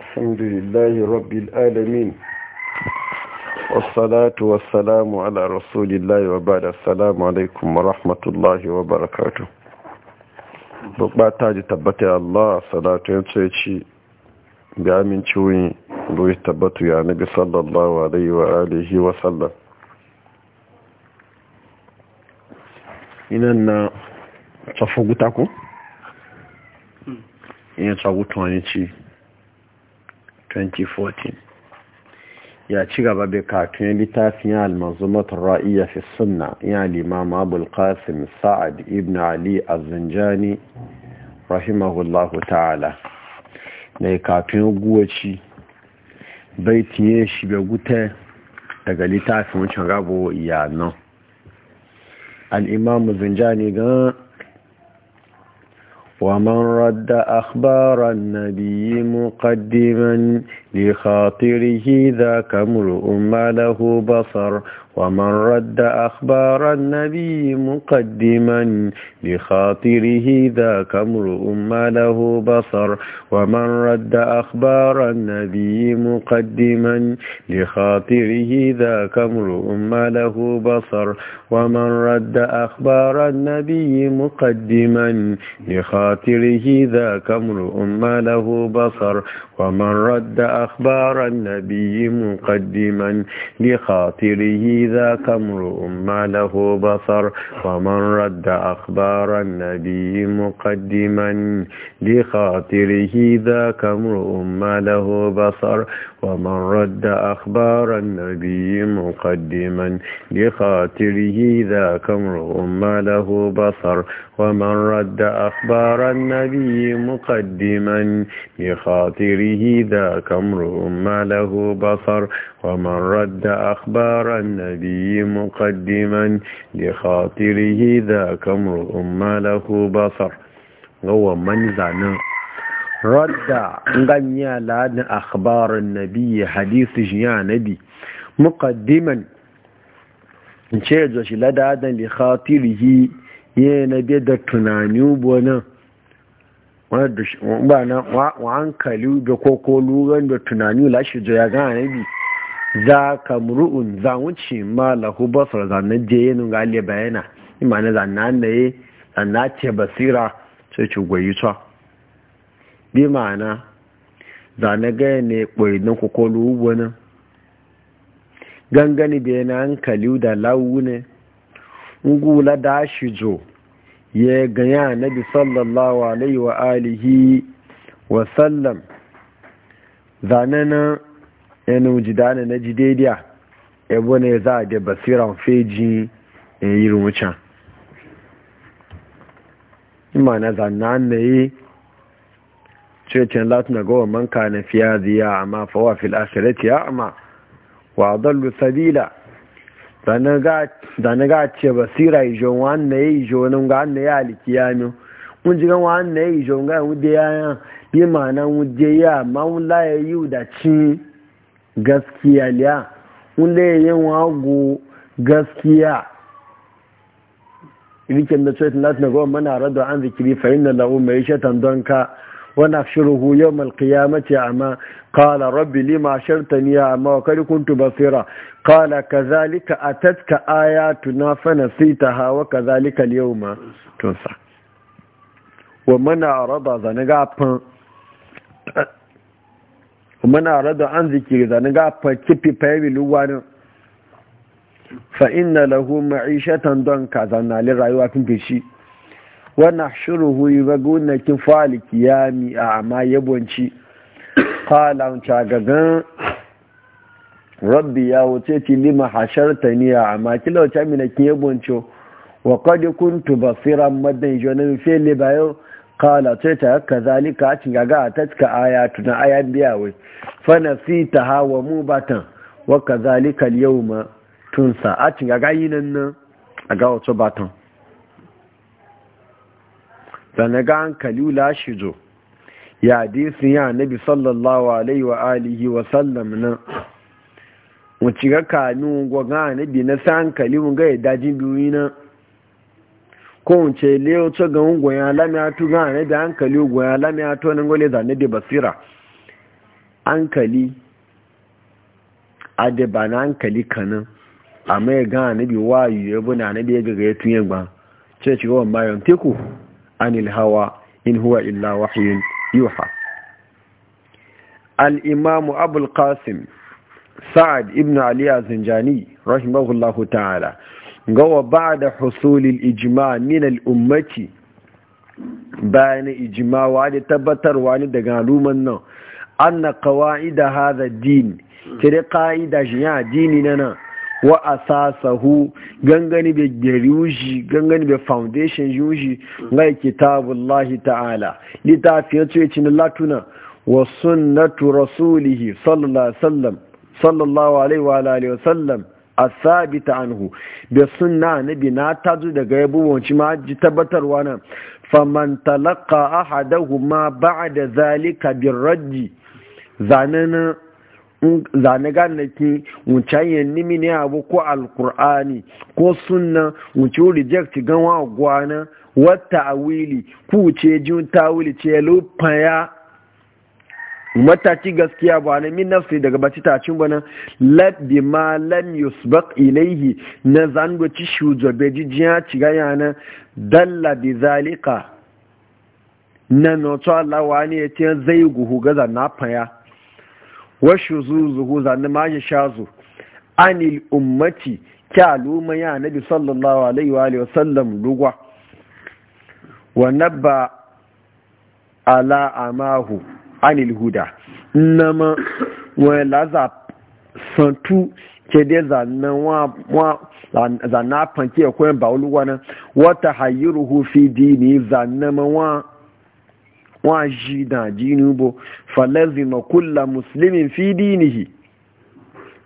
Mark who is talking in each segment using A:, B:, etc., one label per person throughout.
A: الحمد لله رب العالمين والصلاة والسلام على رسول الله وبعد السلام عليكم ورحمة الله وبركاته بقاتاج تبت الله صلاة ينسيشي بعمين شوي لوي تبت يا نبي صلى الله عليه وآله وسلم إننا تفوقتكم إن تفوقتوا ينسي 2014 ya ci gaba da kakin littafin almanzumatar ra'iyya fi sunna ya limama abul qasim sa'ad ibn ali az-zanjani rahimahullahu ta'ala da kakin guwaci tiye shi bai guta daga littafin wancan rabo iya nan al-imamu zanjani ga ومن رد أخبار النبي مقدما لخاطره ذاك امرؤ ما له بصر ومن رد أخبار النبي مقدما لخاطره ذاك امرؤ ما له بصر ومن رد أخبار النبي مقدما لخاطره ذاك امرؤ ما له بصر ومن رد أخبار النبي مقدما لخاطره ذاك امرؤ ما له بصر ومن رد أخبار أخبار النبي مقدما لخاطره ذاك امرؤ ما له بصر ومن رد أخبار النبي مقدما لخاطره ذاك امرؤ ما له بصر ومن رد أخبار النبي مقدما لخاطره ذاك امرؤ ما له بصر ومن رد أخبار النبي مقدما لخاطره ذاك امرؤ ما له بصر ومن رد أخبار النبي مقدما لخاطره ذاك امرؤ ما له بصر هو من زعنه radda ganya ladin akhbarin nabi hadisi jiya nabi muqaddiman ce da shi ladadan li khatirihi ya nabi da tunani bonan wadda wa hankali da koko lugan da tunani lashe da ya gana nabi za ka muru'un za wuce ma lahu basar zanen je yi nunga bayana imanin zanen na ce basira sai ci gwayi ta bi ma'ana za na gaya ne kwari na kokolo ugbo nan gangani bai na hankali da lawu ne ngula da shi jo ya ganya bi sallallahu alaihi wa alihi wa sallam zane na yana jida na na jidediya ebo ne za a da basiran feji e ya yi rumucan ima na zanna na yi cikin latin gawa man na fiya ziya amma fawa fil asirati ya amma wa dallu sabila da na ga ce basira yi jo wannan ya yi jo nan ga wannan ya aliki ya nu mun ji gan wannan ya yi jo ga wude ya yan bi ma'ana wude ya ma mun laye yi da ci gaskiya liya mun laye yin wago gaskiya rikin da cikin latin gawa mana rado an zikiri fa'in da la'u mai shatan don ka ونحشره يوم القيامة أعمى قال ربي لما شرتني يا أعمى وقد كنت بصيرا قال كذلك أتتك آياتنا فنسيتها وكذلك اليوم تنسى ومن أعرض ذنقى ومن أعرض عن ذكر ذنقى كيبي بيبي لوان فإن له معيشة دنكا ذنالي رأيوات بشي wannan shuruhu yi ba gona kin fali kiyami a amma yabonci kalan cagagan rabbi ya wuce ti lima ta ni a amma kila wuce mina kin yabonci wa kadi kuntu basiran madan jonan fele yau kala ce ta haka zalika a cingaga a tattaka aya tuna aya biya wai fana fi ta hawa mu batan wa ka zalika yau ma tunsa a cingaga yi nan nan a ga wato batan sannan ga hankali lashi zo ya disin ya nabi sallallahu alaihi wa alihi wa sallam nan mu ci ga kanu go ga nabi na sa hankali mun ga daji biyu na ko mun ce leo to ga mun ya lami tu ga nabi hankali ya lami to nan gole da nabi basira hankali ade ba na hankali kanin amma ya ga nabi wayu ya buna nabi ya ga ya tunye gba ce ci ga wannan bayan teku anil hawa in huwa illa wahyun yuha al-imam abul qasim sa'ad ibn ali az-zinjani rahimahullahu ta'ala gawa ba'da husul al-ijma' min al-ummati bayan ijmawa da tabbatarwa ne daga aluman nan anna qawaid hadha din kire qaida jiya dini nan. wa asasahu gangani be gari gangani be foundation yuji ngai kitabullahi ta'ala litafiya ce cin latuna wa sunnatu rasulihi sallallahu alaihi wa sallallahu alaihi wa sallam asabita anhu da sunna nabi na tazu daga yabuwanci ma ji tabbatarwa nan faman talaqa ahaduhuma ba'da zalika birraddi zanana zane gane ki wucan yin nimi ne abu ko alkur'ani ko sunna wuce reject gan gwana wata awili ku ce jin wili ce lupaya mataci gaskiya ba na min nafsi daga baci cin bana Labbi ma lam yusbaq ilaihi na zango ci ji, jijiya ci gaya na dalla bi zalika na noto Allah wani ya ce zai guhu gaza na faya washu zuzuhu zanne ma ya zu anil ummati kyaluma ya nabi sallallahu alaihi wa alihi wasallam lugwa wa nabba ala amahu anil huda nama wa laza santu ke dai zanna fanke akwai ba oluwa na wata hayyiruhu fi dini zanna ma wa wa shi da jini bo falazima kulla muslimin fi dinihi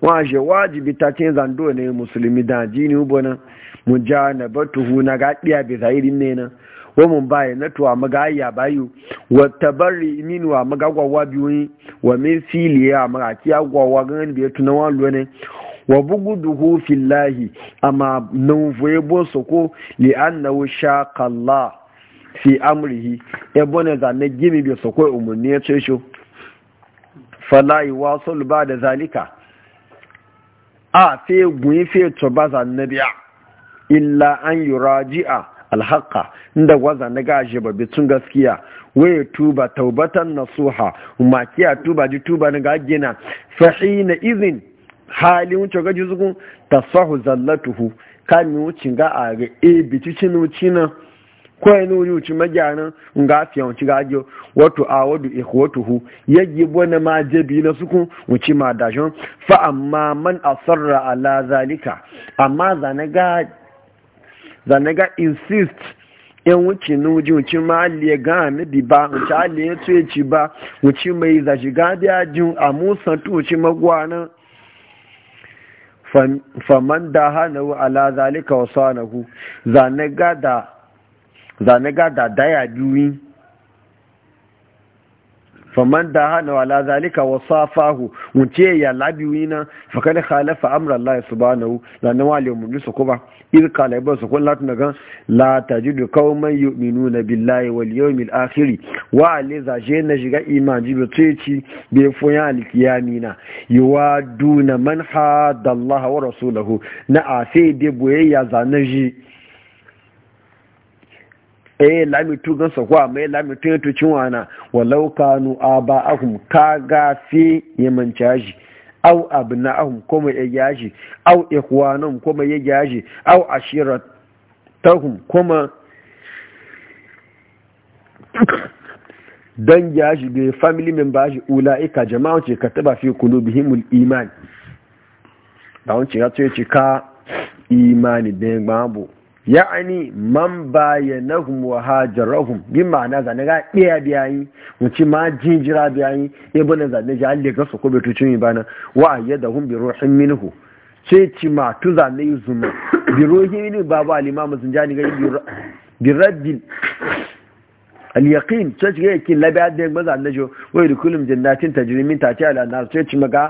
A: wa shi wajibi ta ce zando ne musulmi da jini bo na mujanabatuhu na gaɗiya bi zahirin ne na wa mun baya na tuwa maga ya bayu wa tabarri minu wa maga gwawa biyoyi wa min filiya maga kiya gwawa ganin biya tunawa luwa ne wa buguduhu fillahi amma nan voye bo soko li annahu shaqa Allah fi amrihi ebo ne zane gini bi so koi umarni ya ce shi falayi wasu ba da zalika a fe gwi fe tuba zane illa an yi raji'a alhaka inda gwaza na gashi babi tun gaskiya waye tuba taubatan nasuha makiya tuba ji tuba na gagina na izin hali wuce gaji ta tasahu zallatuhu kan wucin ga a ga e cikin cinu cinan kawai nuri wuce magyanin nga fiye wuce gajo wato a wadu ya yaji bona ma biyu na suku wuce ma dashon fa amma man asarra ala zalika amma zanaga zanaga insist yan wuce na wuce wuce ma aliye ga amidi ba wuce aliye tuye ci ba wuce mai zashi gadi ajin a musan tu wuce magwanan faman da hana ala zalika wasu hanahu zanaga da zane ga da daya biyu faman da hana wala zalika wa safahu wuce ya labi na. fa kada khalafa amra Allah subhanahu la na wale mun su kuma kala ba su kullu tun ga la tajidu qauman yu'minuna billahi wal yawmil akhir wa ali za na shiga imanji bi tuci bi funya alkiyamina yuwaduna man na Allah wa rasulahu na afi de boyayya zanaji eh lamitu gan sa kwa mai lamitu ya tucin wana walau kanu ba ahum ka gafe yaman caji au abna'ahum ko ya yaji au ikhwanum ko ya yaji au ashiratahum kuma dan yaji be family member shi ulaika jama'a ce ka taba fi qulubihimul iman da ce ya ce ka imani da babu ya'ani man bayanahum wa hajarahum bi ma'ana zane ga ɗaya biyayi wuce ma jinjira biyayi ibn zane ji alle ga su ko betu cin bana wa ayyadahum bi ruhin minhu ce ci ma tu zane zuma bi ruhin minhu babu al-imam zinjani ga bi rabbil al-yaqin ce ci ga yakin labi adde ga zane jo wa yadkhulum jannatin tajri min tahtiha na anhar ce ci maga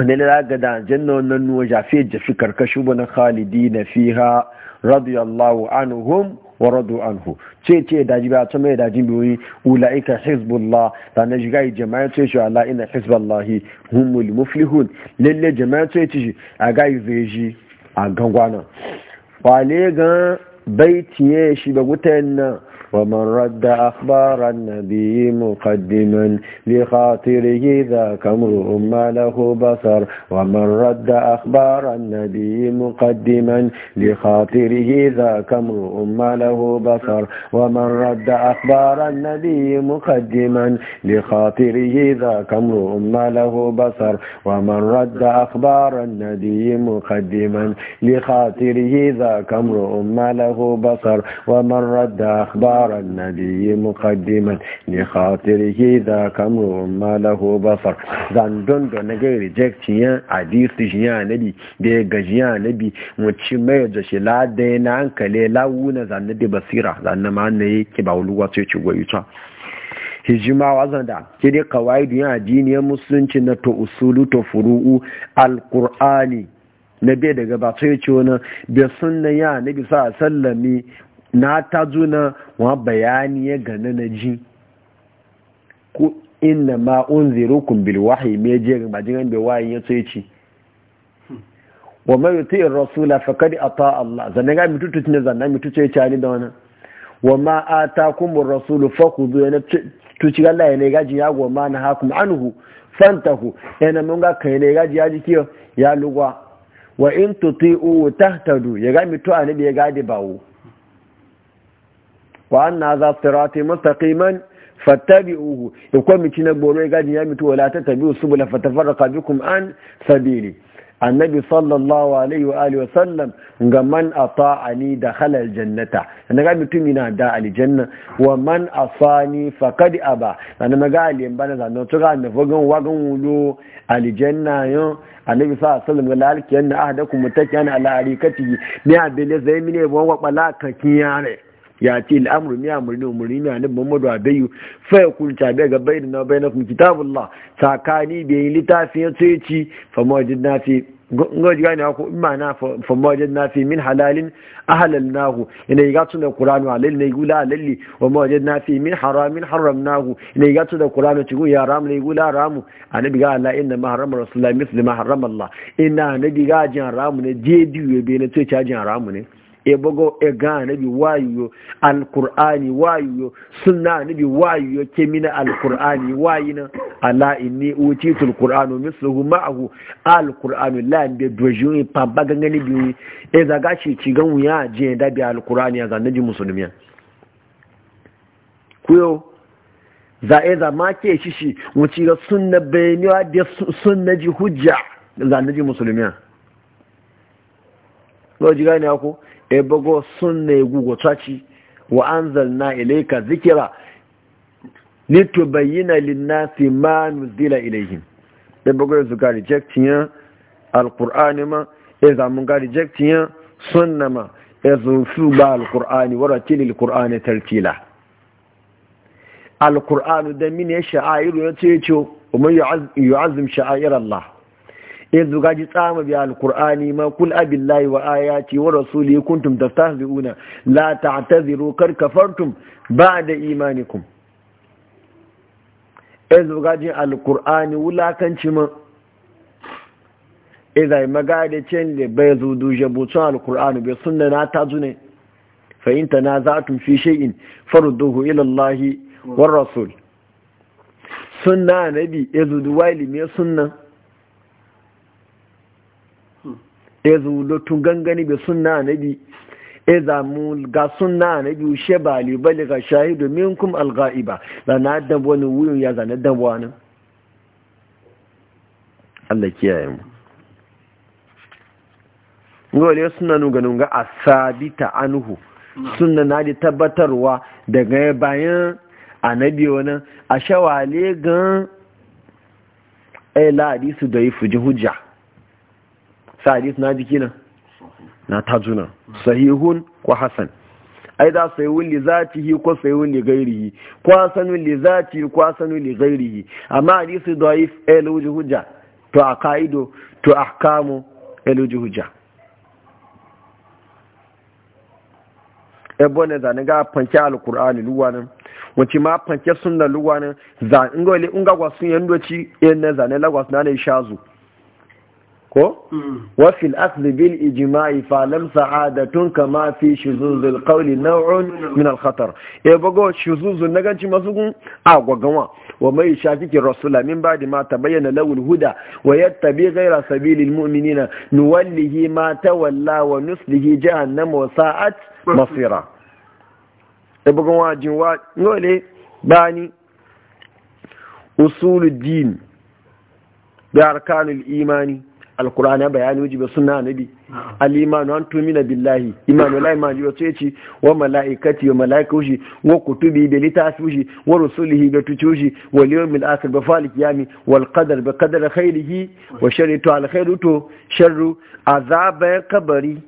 A: ne da ga da janna wannan nuwa jafi jafi karkashi bu na khalidi na fiha radiyallahu anhum wa radu anhu ce ce da jibi a tsamaye da jibi wani ula'ika hezbollah da na shiga jama'a ce shi ala ina hezbollahi humul muflihun lalle jama'a ce shi a ga yi zai shi a gangwana kwale gan bai tiye shi ba gutayen nan ومن رد أخبار النبي مقدما لخاطره ذاك امرؤ ما له بصر ومن رد أخبار النبي مقدما لخاطره ذاك امرؤ ما له بصر ومن رد أخبار النبي مقدما لخاطره ذاك امرؤ ما له بصر ومن رد أخبار النبي مقدما لخاطره ذاك امرؤ ما له بصر ومن رد أخبار أثار النبي مقدما لخاطره ذاك امر ما له بصر زان دون دون غير ريجكت يا حديث يا نبي mai da shi ladaye na hankali lawuna zanne da basira zanne ma na yake ba wuluwa sai ci goyi ta hijima wazan da ke dai kawai duniya addiniyar musulunci na to usulu to furu'u alqur'ani na bai daga ba sai ci wani bai sunna ya nabi sa sallami na ta zo na wa bayani ya gane na ji ko inna ma unzirukum bil wahyi me je ga bajin da wayi ya ce yace wa man yuti rasula faqad ata Allah zanna ga mutu tutune zanna mutu ce ci da wannan wa ma atakum ar-rasulu fakhudhu yana tuci Allah ne ji ya ma na hakum anhu fantahu yana mun ga kai ne ji ya kiyo ya lugwa wa in tuti'u tahtadu ya ga mutu ne da ya da bawo wa anna za sirati mustaqiman fattabi'uhu ikon mici na goro ya gaji ya mitu wala tattabi'u subula fatafarraqa bikum an sabili annabi sallallahu alaihi wa alihi wa sallam gaman man ata'ani da halal jannata na ga mutumi na da aljanna wa man asani faqad aba na ga aliyan bana zan to ga na fogan wagan wulo aljanna yo annabi sallallahu alaihi wa sallam ga lalki anna ahadakum muttaki'an ala arikatihi ni abele zai mine bon wa bala kakiya ne ya ce al'amuru miya murni umarni miya ni muhammadu Abiyu. Fa fai kunta bai ga bai na bai na kun kitabullah tsakani bai yi littafi ya ce ci famajin na fi ngoji gani ako imma na famajin na fi min halalin ahalal ina yi gatsu da kuranu halal na igula halalli wa mawajin na fi min haramin haram nahu ina yi gatsu da kuranu cikin ya ramu na igula ramu a na biga Allah inna ma haramar rasulullah misli ma haram Allah ina na ga jin ramu ne je biyu ya bai na ce cajin ramu ne ebogo ega anabi wayuyo alkur'ani wayuyo sunna anabi wayuyo kemina alkur'ani wayina ala inni utitu alqur'anu misluhu ma'ahu alqur'anu la be dojuni baganga ni bi e zaga shi ci gan wuya je da bi alqur'ani ya ji musulmiya kuyo za e za ma ke shi shi mu ci ga sunna wa da sunna ji hujja ji musulmiya lo ji ne ako ebogo sunna ya gugu tsaci wa an zalna ilaika zikira litubayyana linnasi ma nuzila ilaihim ebogo ya zuga rejectin ya alkur'ani ma ya zamun ga rejectin sunna ma ya ba alkur'ani wa ratili alkur'ani tartila alkur'ani da mini ya sha'airu ya ce ce umar yu'azim Allah yanzu ji tsama bi alkur'ani ma kul abillahi wa ayati wa rasuli kuntum tastahzi'una la ta'taziru kar kafartum ba'da imanikum yanzu ji alkur'ani wulakanci ma idza magade cin le bazu du jabutu alkur'ani bi sunna na tazune fa in tanaza'tum fi shay'in farudduhu ila allahi war rasul sunna nabi yanzu duwaili me sunna ya zulo tun gangani bai sunna annabi ya zamu ga sunna nabi ushe ba libali ga shahidu minkum alghaiba na dan wani wuyun ya zana dan wani Allah kiyaye mu ngole sunna nu ganun ga asabita anhu sunna na da tabbatarwa daga bayan annabi wani a shawale gan ai eh, la hadisu da yi fuji hujja sa na jiki na na tajuna sahihun ko hasan aida sayun li zatihi ko sayun li ghairihi ko hasanun li zatihi ko hasanun li ghairihi amma hadisi da'if el eh, hujja to aqaido to ahkamu el eh, hujja ebo eh, ne zane ga fanke alkur'ani luwanin wace ma fanke sunna luwanin zan ingole ingagwa sun yandoci yan ne zane lagwas na ne shazu ko mm. wafil asli bil ijma'i fa lam sa'adatun kama fi shuzuzul qawli naw'un min al khatar e bago shuzuzun naganci masugun a gwagawa wa mai shafiki rasula min ba'di ma tabayyana lawul huda wa yattabi ghayra sabilil mu'minina nuwallihi ma tawalla wa nuslihi jahannama wa sa'at masira e bago wajin wa ngole bani usulul din bi arkanul imani alkur'ana bayani wajibi sunna nabi al-imanu an na billahi imanu la imanu wato ce wa malaikati wa malaikushi wa kutubi bi litafushi wa rusulihi bi tuchushi wa yawmil akhir bi falik yami wal qadar bi qadar khairihi wa sharri to al to sharru azaba kabari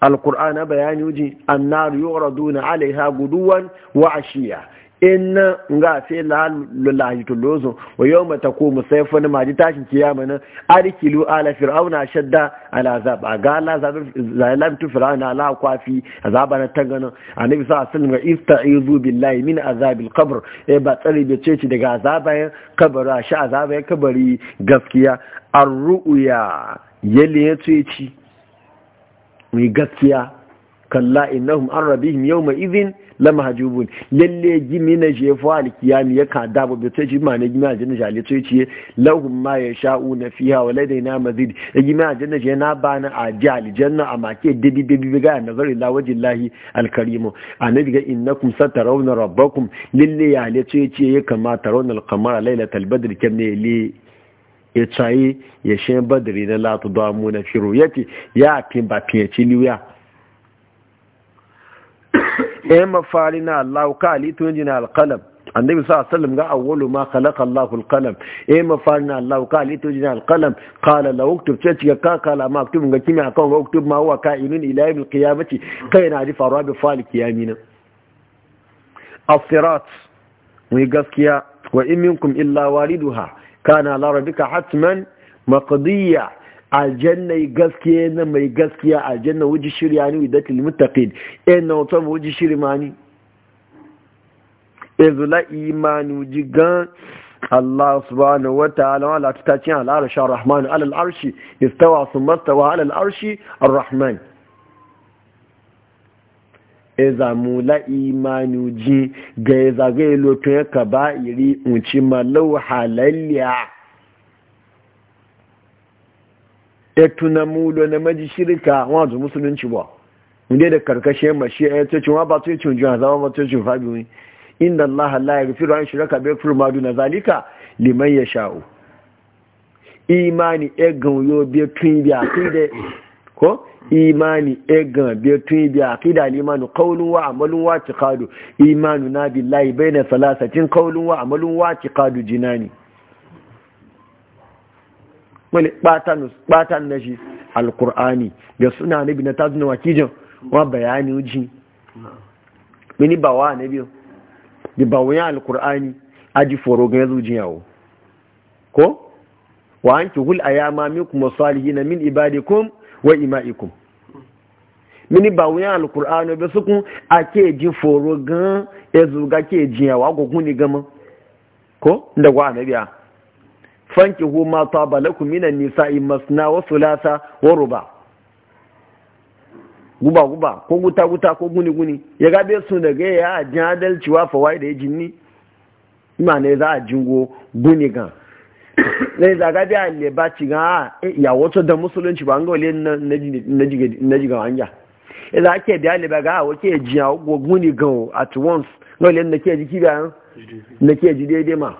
A: alkur'ana bayani wajibi annar yuraduna alaiha guduwan wa ashiya inna nga fe lalahi to lozo wa yau mata ko musaifu na maji tashin kiyama na arikilu ala fir'auna shadda ala azab a ga ala zalam tu fir'auna ala kwafi azaba na tangana annabi sa sallam ga istaizu billahi min azabil qabr e ba tsari be ce daga azabayen kabari a sha azabayen kabari gaskiya arruya yalle ya ce ci mai gaskiya kalla innahum an rabihim yawma idhin lama hajjubun lalle gimi na jefo alkiyami ya ka dabo bi ta jima ma ne gimi aljanna to ce lahum ma sha'u na fiha wa ladaina mazid gimi aljanna je na bana a ji aljanna a ke dibi dibi ga nazari la wajillahi alkarim annabi ga innakum satarawna rabbakum lalle ya le to ce ya kamata rawna alqamara lailatal badr kamne li ya tsaye ya shan badari na latu damu na firu ya fin ba ya eh mafari na Allah ka alitun jina alqalam annabi sa sallam ga awwalu ma khalaqa Allahu alqalam ema eh, mafari na Allah ka alitun jina alqalam qala la uktub ce ce ka kala ma uktub ga kimi akan ga uktub ma huwa kainun ila yawm alqiyamati kai na ji faruwa bi fali kiyamina as-sirat mu gaskiya wa in minkum illa waliduha kana la rabbika hatman maqdiya aljanna gaskiya na mai gaskiya aljanna wuji shirya ni widatul muttaqin eh ina wato wuji shirmani eh zula imani wuji gan Allah subhanahu wa ta'ala wa la tutacin ala arshi ar-rahman ala al istawa thumma istawa ala al-arshi ar-rahman eh zamu la imani wuji ga zagaye lotun ka ba iri unci malau halalliya ya tuna mulo na maji shirka zu musulunci ba inda da karkashin mashi ya ce cin ba to cin juwa zama ba to cin fabi ne inda allah la yaghfiru an shirka bi yaghfiru ma duna zalika liman yasha'u imani egan yo bi tun bi akide ko imani egan bi tun bi akida limanu qawlun wa amalun wa i'tiqadu imanu na billahi bayna salasatin qawlun wa amalun wa i'tiqadu jinani wani batan na shi alkur'ani da suna nabi na tazuna wakijin wa bayani uji mini ba wa na biyu da ba wuyan alkur'ani aji foro ga yanzu jiyawo ko wa an ki hul ayama minkum wasalihina min ibadikum wa ima'ikum mini ba wuyan alkur'ani be sukun ake ji foro gan ezu ga ke jiyawo agogun ni gama ko da wa na biya fankihu ma taba lakum minan nisa'i masna wa thulatha wa ruba' guba guba ko guta guta ko guni guni ya gabe su daga ya ajin adalci wa fawai da jinni ima ne za a jingo guni gan ne za da a ba ci ga a e, ya wato da musulunci ba an ga wale na na ji ga wanja ya e za ke da ba ga a wake jiya go guni gan at once ga wale na ke ki bayan na ke ji daidai ma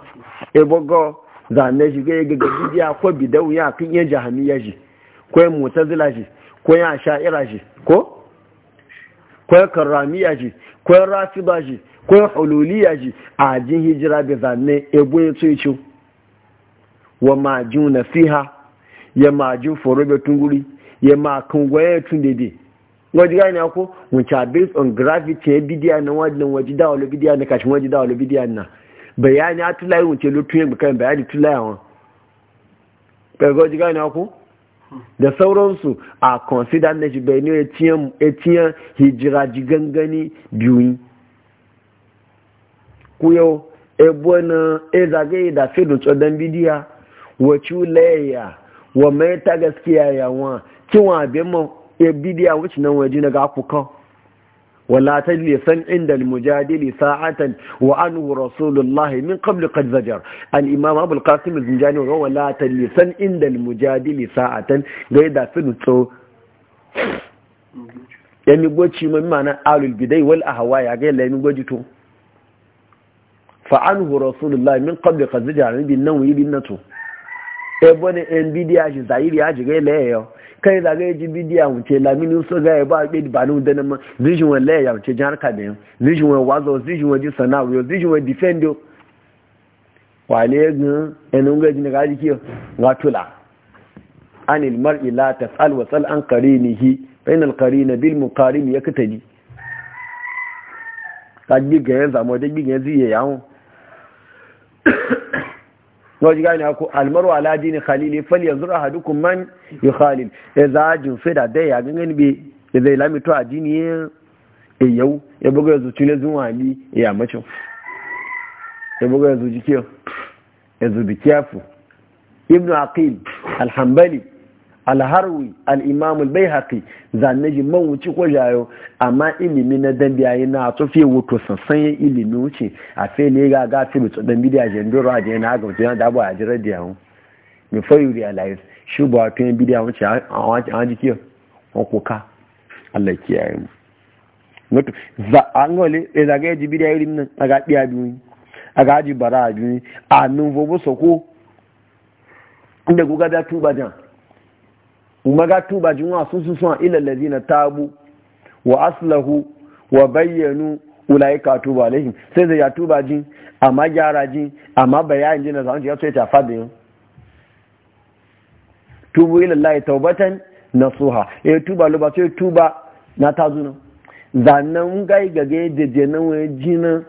A: e bogo zane shi ga yaga gaji ya ko bidau ya kan iya jahamiya shi ko ya zila shi ko ya sha'ira shi ko ko ya karramiya shi ko ya ba shi ko ya hululiya shi a jin hijira da zane ebo ya tsoye ci wa majin nasiha ya majin foro da tunguri ya ma kan gwaye tun dede waje gani ako mun cha based on gravity ya bidiya na wajen waje dawo bidiya na kashin waje dawo bidiya na bayani a tulayi wuce lutun yin bukan bayani tulayawan ƙarfi ji gane ku da sauransu a consider na shi bayani ya tiyan hijira ji gangani biyu ku yau ebo na e zagaye da fi dutsen don bidiya wa culayya wa mai ta gaskiya yawan kiwa abin ma e bidiya na nan waje na ga kukan ولا تجلي تجلسا عند المجادل ساعة وعنه رسول الله من قبل قد زجر الإمام أبو القاسم الزنجاني وهو تجلي تجلسا عند المجادل ساعة غير فنتو يعني بوجي من معنى آل البداية والأهواء غير لا تو فعنه رسول الله من قبل قد زجر يعني بالنوم يبنتو ebe ne اجي زايري اجي غير لا ji kai zaga ya ji bidiya wuce lamini so ga ya ba ke ba nu da nan vision wala ya wuce jar ka da vision wa wazo vision wani ji sanawo yo vision wa defendo wale gun enu ga ji ga ji ki ga tula anil mar'i la tasal wa sal an qarinihi bain al qarin bil muqarin yaktadi ka ji ga ya zamo da bi ga zai yawo wajen gane ku almaru ala dini khalili fal yanzu ahadukum man yukhalil ya e za jin fida dai ya gangan be ya e zai lami to adini ya e yau ya buga yanzu tune zuwa wani ya mace ya buga yanzu jike yanzu bi kiyafu ibnu aqil alhambali alharwi al'imam al-baihaqi zanne ji man wuce ko jayo amma ilimi na dan na to wuto sansan ya ilimi wuce a fe ne ga ga fi lutu dan bidiya na ga to da ba aje radiya hu mi fa yuri alive shi ba to yan bidiya wuce ko Allah kiyaye mu za e ji nan aga biyu aga ji bara biyu a inda guga da tuba jan umaga tuba jinwa sun sun sun ila na tabu wa aslahu wa bayyanu ulaika tuba alaihim sai zai ya tuba jin amma gyara jin amma bayanin jin na zan ya sai ta fada yin tubu ila lahi taubatan ya yi eh, tuba lo ba sai tuba na tazuna zanen ngai gage jeje na wani jina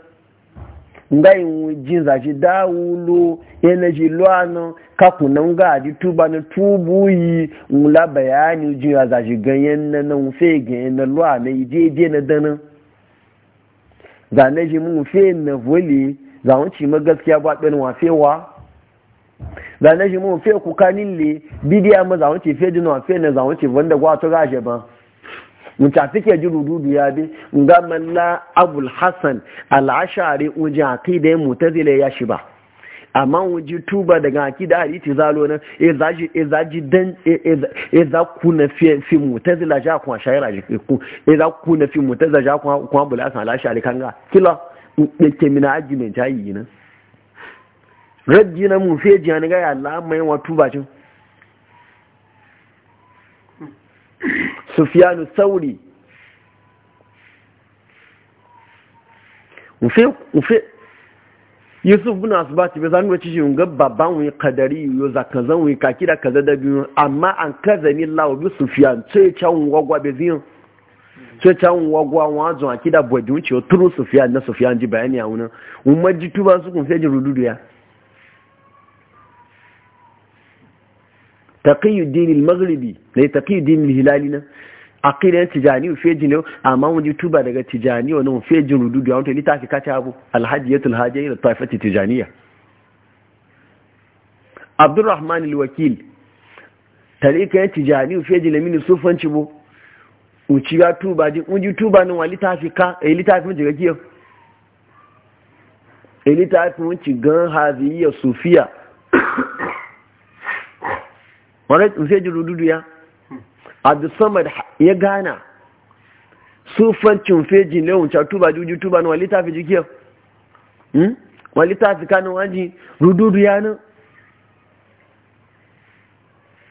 A: ngai jin za shi dawulo energy lo ano kafu nan ga adi tuba na tubu yi mula bayani jin ya zaji ganyen na nan fe ganyen na luwa na ije je na dana za na shi mun fe na voli zawon ci gaskiya ba ɗan wa fewa zane shi mun fe kuka nille bidiya ma zawon ci fe dina wa fe na zawon ci wanda gwa to gashe ba mutu fike ji rududu ya bi ga malla abul hasan al-ashari ujin aqida mutazila ya shi ba amma wuji tuba daga haki da ce zalo nan e za ji e dan e, e, e za ku na fi zila ja kuma shayara ji ku e za ku na fi zila ja kuma bula san lashi alikan ga kila ke mina aji mai jayi nan rajji na mu fe ji ga ya Allah mai wa tuba cin Sufiyanu Sauri Ufe, ufe, yusuf bin asbati bai zanu ci shi babban wani kadari yo zaka zan wani kaki da kaza da biyu amma an kaza ni lawo bi sufiyan ce can wagwa be zin ce can wagwa wazo aki da bodi wuce turu sufiyan na sufiyan ji bayani a wuna umma ji tuba su kun rududu ya taqiyuddin al-maghribi ne taqiyuddin al-hilali na akidan tijani feji ne amma mun ji tuba daga tijani wannan feji rudu da wannan litafi kata abu alhajiyatul hajiyya da taifati tijaniya abdurrahman alwakil tarika tijani feji ne mini sufanci bo uci ga tuba ji mun ji tuba nan walitafi ka eh litafi mun daga kiyo eh litafi mun ci gan haziyya sufiya wala feji rudu ya abdussamad ya gana sufancin fejin lewun ca tuba juju tuba na walita fi jikiyar hmm? walita fi kanin waji rududu yanin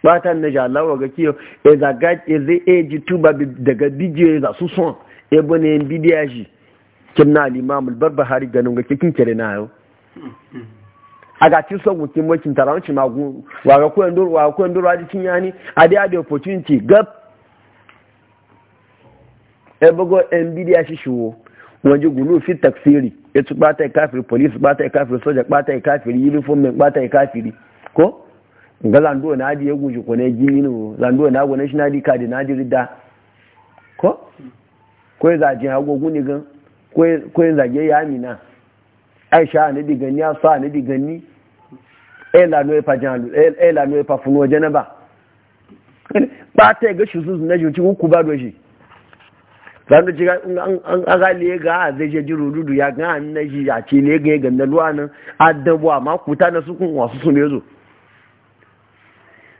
A: batan na jalawa ga kiyo e zaga e zai e ji tuba daga bidiyo e za su son e bane yin bidiya shi kin na limamul bahari ganin ga kikin kere na yau ga ti son wukin wakin tara wancin magu wa ga kuwa ndoro wa kuwa ndoro aji kin yani adi adi opportunity gab. ebogo mbidi ya shishiwo waje gulu fi taksiri ya ci bata ya kafiri police bata ya kafiri soja bata ya kafiri uniform mai bata ya kafiri ko ga lando na aji ya guji kone jini no lando na agwa national id card na aji rida ko ko ya zaje agogo ne gan ko ya e, zage ya amina aisha ne digani e e, ya sa ne digani ela no epa janlu ela no epa funo jenaba bata ga shuzu na junti ku ba doji zanga ci an aga lega zai je jiru dudu ya ga an na shi a ce ga ya ganda luwa nan adabu amma kuta na su kun wasu su ne zo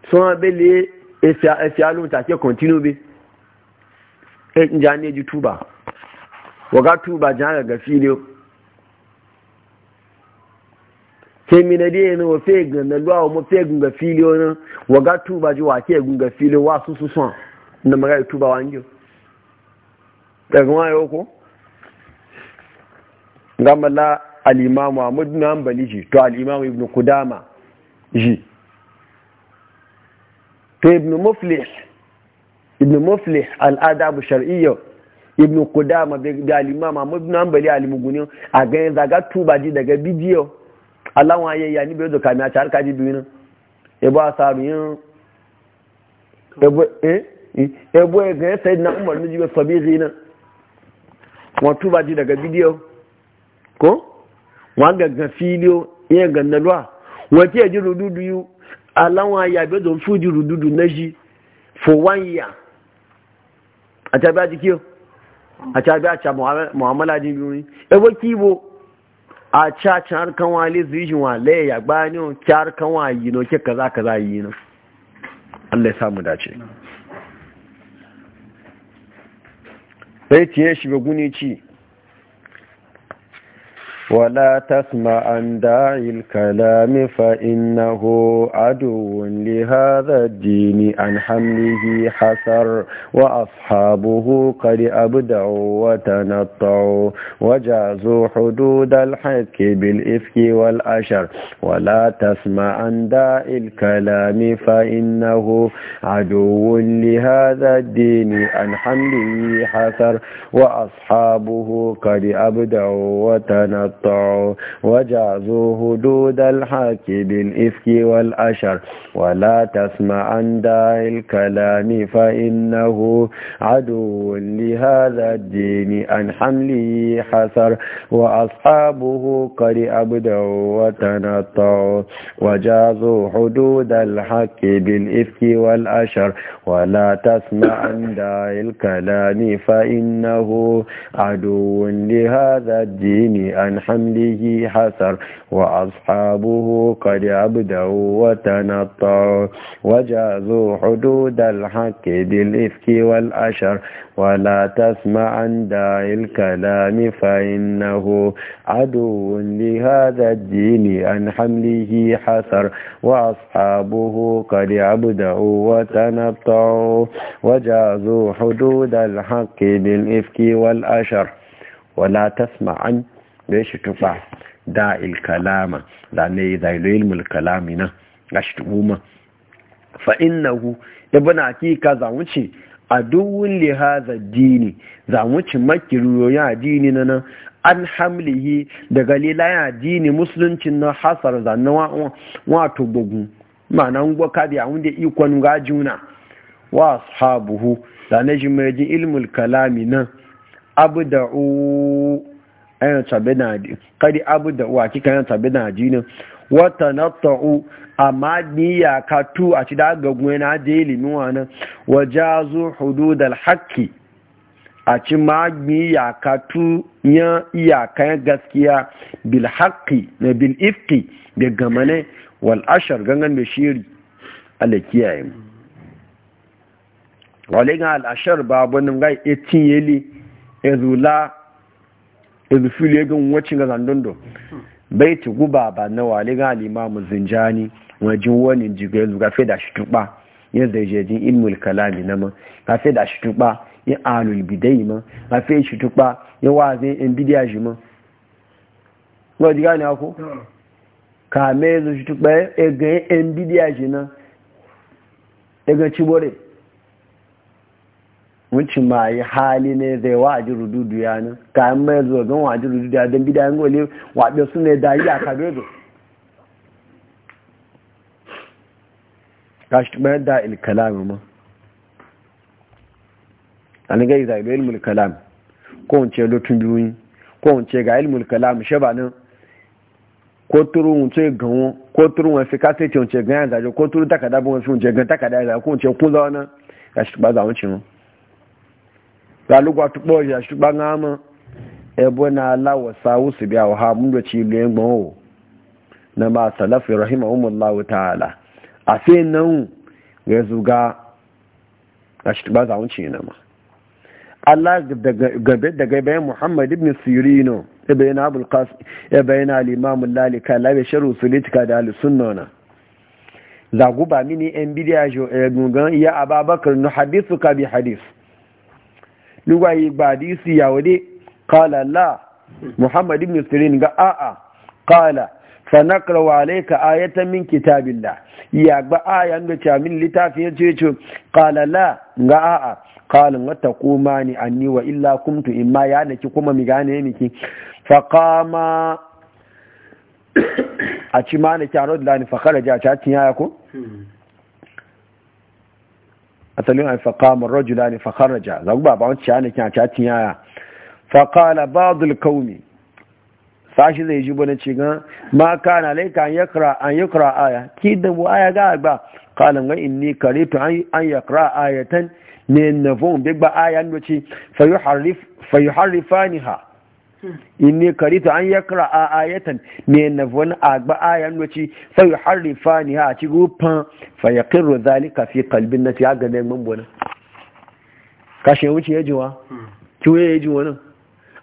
A: sun abe le efi e ta ke continue be e nja ne ji tuba waga tuba jan ga ke mi na di dai ni wa fe ganda luwa wa mu fe gunga filiyo nan waga tuba ji wa ke gunga filiyo wa su su son na magana tuba wa wanjo daga wayo ko gamala al-imam na bin Hanbali ji to al Ibn Kudama ji to Ibn Muflih Ibn Muflih al-adab Ibn Kudama da al-imam Ahmad bin Hanbali al-Mughni a ga zaga tuba ji daga bidiyo Allah wa yayya ni bai zo kamiya ta harka ji biyu ya e ba saru yin ebo eh ebo eh, e e ga sayyidina Umar ne ji sabiqina wọn tuba ji daga bidiyo ko wọn gaggan filiyo iya gannalwa wọn ti yaji rududu yi alawọn ya bẹ don ju rududu na ji for one year a tabi a jikiyo a tabi a ca mu'amala jin biyu ebo kibo a ca can harkan wale zai shi wale ya gbani ki harkan wa yi no ki kaza kaza yi no Allah ya samu ce. sai ce ya shiga guni ci ولا تسمع عن داعي الكلام فإنه عدو لهذا الدين عن حمله حسر وأصحابه قد أبدعوا وتنطعوا وجازوا حدود الحق بالإفك والأشر ولا تسمع عن داعي الكلام فإنه عدو لهذا الدين عن حمله حسر وأصحابه قد أبدعوا وتنطعوا الطاع وجعزوا هدود الحق بالإفك والأشر ولا تسمع عن داعي الكلام فإنه عدو لهذا الدين أن حمله حسر وأصحابه قد أبدعوا وتنطعوا وجازوا حدود الحق بالإفك والأشر ولا تسمع عن داعي الكلام فإنه عدو لهذا الدين عن حمله حسر وأصحابه قد عبدوا وتنطعوا وجازوا حدود الحق بالإفك والأشر ولا تسمع عن داعي الكلام فإنه عدو لهذا الدين عن حمله حسر وأصحابه قد عبدوا وتنطعوا وجازوا حدود الحق بالإفك والأشر ولا تسمع عن da shi tuba da il kalama da ne da ilmul kalami na gashi tubuma fa innahu ibn hakika za ce aduwun li hadha dini za mu ci makiruyoyin addini na nan an hamlihi daga lilayen addini Musulunci na hasar zanen wato bugu ma'ana ngwa kadi a wanda ikon ga juna wa ashabuhu da na ji ilmul kalami abu abda'u ayan tabe na kadi abu da uwa kika na wata na ta'u amma niyya ka tu a ci da gagwe na je ilimin wani wajazu hududal haƙƙi a ci ma ya ka tu yan gaskiya bil haƙƙi na bil ifki da gamane wal ashar gangan da shiri da kiyaye mu wale al ashar babu nan ga etin yeli ezula izufili ya gan wacin ga zandondo bai ti guba ba na wale ga alimamu zinjani wajen wani jigayen gafe da shi tuba yin zaijejin ilmul kalami na ma gafe da shi tuba yin alul bidai ma ka gafe shi tuba yin wazin in bidiya shi ma ga ji gane ako kame yanzu shi tuba ya ga yin bidiya shi na ya ga cibore wuce ma yi hali ne zai wa a ji rududu ya Ka ta yi mai zuwa gan wa a ji rududu ya don bidayen gole waɗe su ne da yi a ka kabezo Ka shi bayar da ilkalami ma an gai zai da ilmul kalam ko wance lotun biyu ko wance ga ilmul kalam shi ba nan ko turu wunce ganwo ko turu wunce kasance wunce ganyen zaje ko turu takada bin wunce gan takada ya zaje ko wunce kun zaune Ka shi ba za wunce mu lalugwa tukpo ya shugba ama ebo na lawa sawu su biya ha mun da ci ga ngbo na ma salafi rahimahumullahu ta'ala a sai nan ya zuga a shugba za mun ci na ma Allah gabe daga bayan Muhammad ibn Sirino ya Abu Abul Qasim e bayyana al-Imam al-Lalika la bi sharu sulitika da al-sunna na zaguba mini en bidiya e gungan ya Ababakar nu ka bi hadith lugwaye ba hadisi ya wade kala la muhammad ibn sirin ga a'a kala fa wa alayka ayatan min kitabillah ya ba aya da cha litafi yace ce kala la ga a'a qala wattaquma ni anni wa illa in imma ya naki kuma mi gane miki fa a ci ma na kyaro da lani fakara ja a cin yaya ko hmm. asalin an faƙamar rajula ne faƙarraja zagu ba bawon ciya ne kyan catin yaya faƙala ba'adul kaumi sashi zai ji bane ci gan ma na laika an yakra an yakra aya ki da bu aya ga ba in ni kare karitu an yakra ayatan ne nafon bigba aya ndo ci fayuharrif fayuharrifaniha inni karitu an yakra a ayatan me na wani agba ayan wace sai harin fani ha ci gufan fa yaqirru zalika fi qalbin nati aga ne mun bona kashe wuce ya yajiwa hmm. kiwe yaji wannan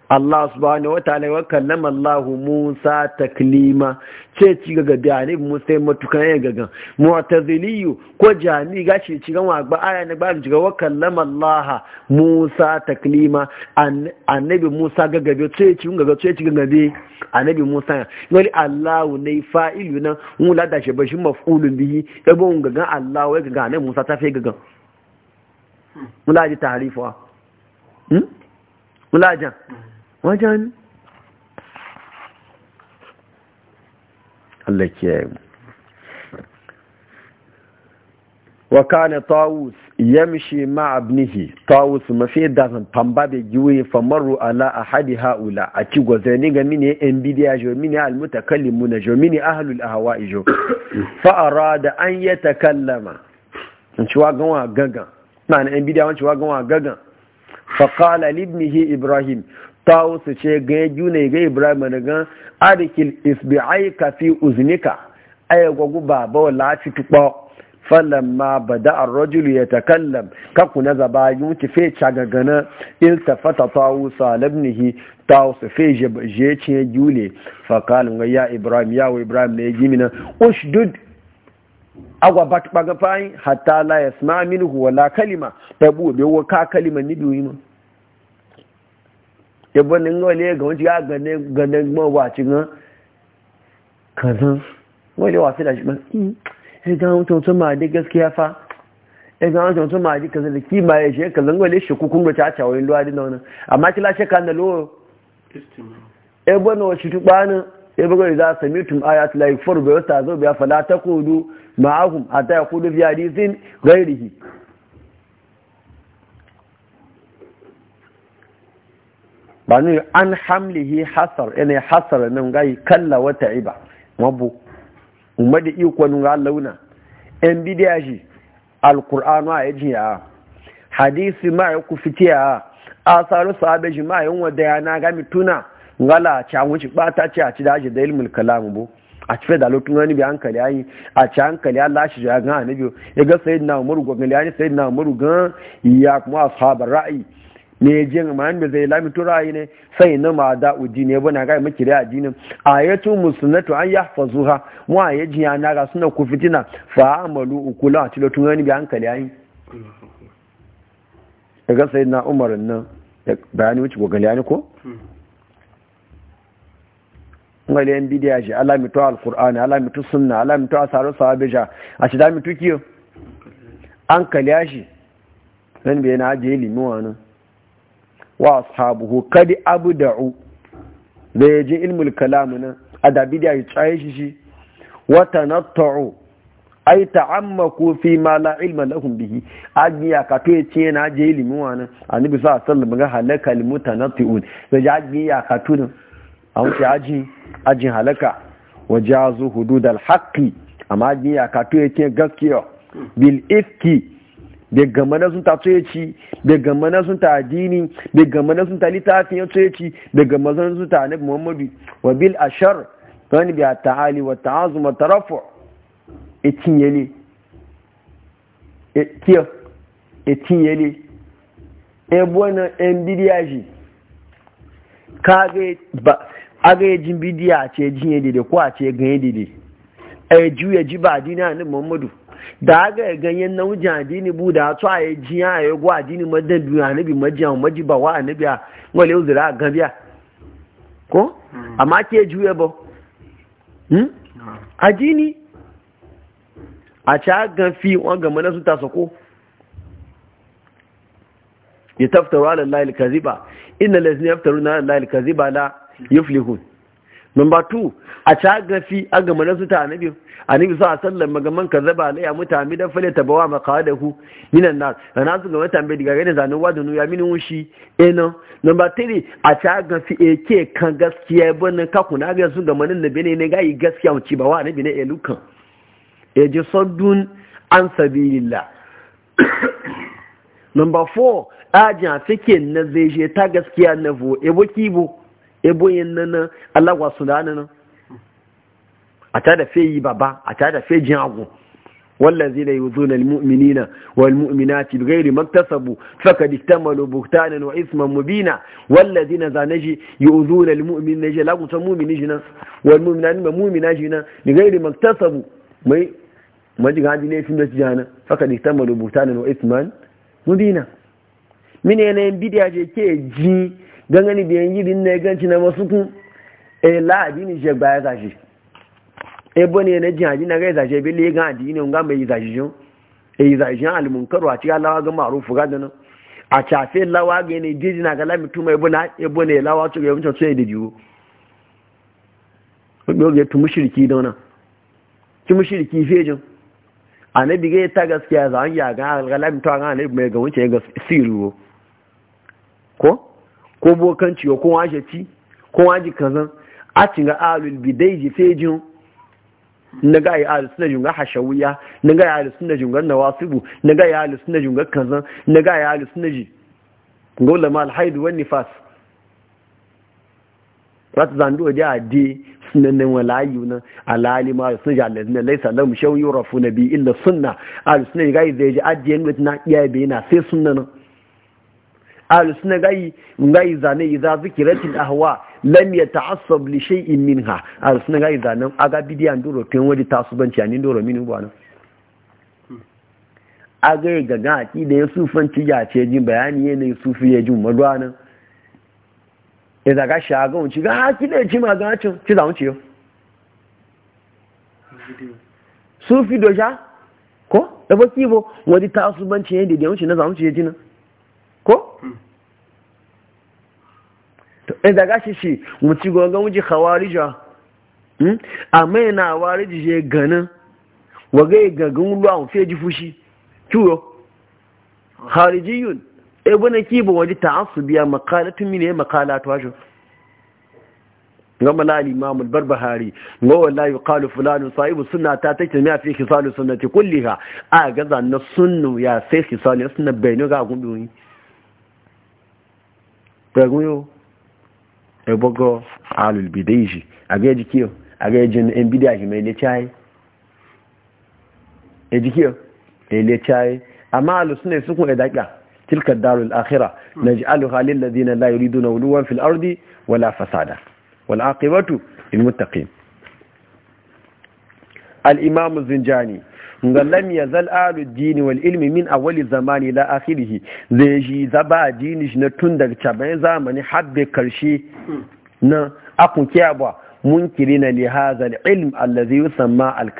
A: Allah subhanahu wa ta'ala wa kallama Allah Musa taklima ce ci gaga bayani Musa ya matukan ya gaga mu'taziliyu ko jami ga shi ci gan wagba aya ne ba ji ga wa kallama Allah Musa taklima annabi Musa gaga be ce ci gaga ce ci gaga be annabi Musa wani Allah ne fa'ilu nan mu la da shi ba shi maf'ulun bihi yabo gaga Allah wai gaga ne Musa ta fe gaga mulaji tahrifa hmm mulajan wajen Allah ke yi wa kana tawus yamshi ma ibnihi tawus mafi dazan pamba da giwe famaru ala ahadi haula a ci gwazani ga mini yan bidiya jo mini almutakallimuna jo mini ahlul ahwa'i jo fa arada an yatakallama in ci wa ganwa gagan na yan bidiya wanci wa ganwa gagan fa qala li ibnihi ibrahim tawo su ce ga ya ga ibrahim da gan arikil isbi'ai ka fi uznika aya gwagwu ba ba tukpa ba bada ar-rajulu kallon kaku na zaba yuti fe chagagana il tafata tawu salabnihi tawo su fe je ce jule fakalin ga ya ibrahim ya wa ibrahim ne jimina ushdud agwa ba ta baga fayin hatta la yasma huwa la kalima ta be wa ka kalima ni biyu yabo ni ngo le gan ti ga gan gan gbo wa ti gan da shi ban hmm, e ga on ton ma de gaskiya fa e ga on ma kaza da ki ma ya e shi kaza ngo le shi ku ta ta wayin luwa din nan amma kila she kan da lo e bo shi tu bana e bo ga za samitum ayat la yafur bi wasta zo bi fala taqulu ma'ahum hatta yaqulu fi hadithin ghairihi ba nu an hamlihi hasar ene hasar nan gai kalla wata iba mabu umma da iko nun ga launa en bidiya alqur'anu a yajiya hadisi ma ku fitiya asaru sahabe shi ma yan wada yana ga mituna ngala cha wuci bata ce a ci da da ilmul kalam bu a ci da lotun wani bi hankali ayi a ci hankali Allah shi ya ga nabi ya ga sayyidina Umar gogan ya ni sayyidina Umar gan ya kuma ashabar ra'ayi ne je ma da zai lami ra'ayi ne sai na ma da uji ne bana ga miki da addinin ayatu musnatu an ha mu ayaji ya na ga suna ku fitina fa amalu ukula tilo tun gani bi hankali ayi daga sai na umar nan bayani wuce gogali ne ko ngale yan bidiya shi alami to alqur'ani alami to sunna alami to asaru sahabija a shi da mi tukiyo an kaliya shi nan bai na ajiye limi wannan wa ashabuhu kadi abda'u da je ilmul kalamuna. nan dabi da ya tsaye shi shi wa tanatta'u ay ta'ammaku fi ma la ilma lahum bihi agiya ka to yace na je ilimin wani annabi sa sallallahu ga halaka al mutanatti'un da ya agiya ka to nan an ce aji ajin halaka wa jazu hudud al haqqi amma agiya ka to yace gaskiya bil ifki daga mana sun ta tsoyeci daga mana sun ta addini daga mana sun ta littafin ya tsoyeci daga mana sun ta annabi muhammadu wa bil ashar wani biya ta'ali wa ta'azuma tarafu etin yele kiyo etin yele ebo e e na en bidiya shi kage ba aga yajin e bidiya ce jin yadda ko a ce gan yadda a juya ji ba dina annabi muhammadu da ga ganyen na wujan adini bu da to aye jiya aye go adini madan bi anabi majiya maji ba wa anabi a wale uzira a biya ko hmm. amma ke juye bo hmm, hmm. adini a ca gan fi wọn ga mana ta sako ya taftaru ala lalil kaziba inna lazina yaftaru na lalil kaziba la yuflihun Number two, a ca gafi a game da su ta anabi, su a sallan magaman ka zaba laya mutane don fale ta bawa maka da ku minan na, da na su game tambaye daga gani zanen wa da nuya mini wushi eno. Number three, a ca a ke kan gaskiya bane ka kuna ga su game nan da bene ne gayi gaskiya wuce ba wa anabi na elukan. E ji saddun an sabilillah. Number four, ajin a fikin na zai ta gaskiya na vo, ebo kibo. ebonyen nana nan Allah wa sulana nan a ta da feyi ba baba a ta da fe jin agu wallazi la wal-mu'mina ti gairi maktasabu faqad ihtamalu buhtanan wa isman mubina wallazina zanaji yuzuna almu'minina je lagu ta mu'mini jina walmu'minani wal mu'mina ni gairi maktasabu mai maji hajji ne fin da jana faqad ihtamalu buhtanan wa isman mubina mine yanayin bidiya je ke ji gangani biyan yirin na ganci na masu kun e la'adi ni je gbaya zashi e bone na jin hadi na ga zashi e bi le ga ne nga mai zashi jo e zashi al munkaru a ci Allah ga ma'ruf ga dana a chafe lawa ga ne jiji na ga la ma e e bone lawa to ga mutan sai da jiwo ko ga tu mushriki da ki mushriki fejin annabi ga e ta gaskiya za ya ga ko bokanci ko waje ci ko waje kazan a ga alul bidai ji fejin na ga ya alu suna junga hashawiya na ga ya alu suna junga nawasibu na ga ya alu suna junga kazan na ga ya alu suna ji gola mal haidu wani fas wata zandu da a suna nan walayu na ma da suna jalaz na laisa lam shawiyu rafu nabi illa sunna alu suna ga zai ji ajiyen mutum na iya bayyana sai suna nan ahlus sunna gai ngai zane idza zikratil ahwa lam yata'assab li shay'in minha ahlus sunna gai zane aga bidiyan duro kin wadi tasubanci anin duro minu bana aga gaga aki da yusufanci ya ce jin bayani na yusufi ya jin madwana idza ga aga unci ga aki da ci maga cin ci zamu ci yo sufi doja ko da bakibo wadi tasubanci yanda da yawanci na zamu ci ya jinan ko mm. eh, da gashi shi mutu gongon wuji hawarija hmm? a mai na hawariji je ganin waga yi gagun ruwa fiye ji fushi kiwo harijiyun ebe eh, na kiba waje ta su biya makalatun mine ta hajjo gama lalai al-imam al-barbahari wa wallahi yuqalu fulanu sahibu suna ta take ya fi ta kulli ha a ga na sunnu ya sai khisalu sunna bayinu ga gumbi pẹ̀lú yóò ẹgbọ́gọ́ alùlùbìdẹ́ ìṣì agẹ́jìkíọ̀ agẹ́jìn ẹnbídẹ́ àṣìmọ̀ ilé cháyé amma alùsùnà ìsúnkún ẹ̀dàkà tilka darul akhira na ji alùhalin ladina la yuridu na wuluwan fil ardi wala fasada wala aqibatu il muttaqin al imam zinjani ga lam zal alu dini wal ilmi min awwali zamani la akhirihi zai shi zaba dini shi na tun daga caban zamani har karshe na akun kiyaba mun kiri na al ilm allazi yusamma al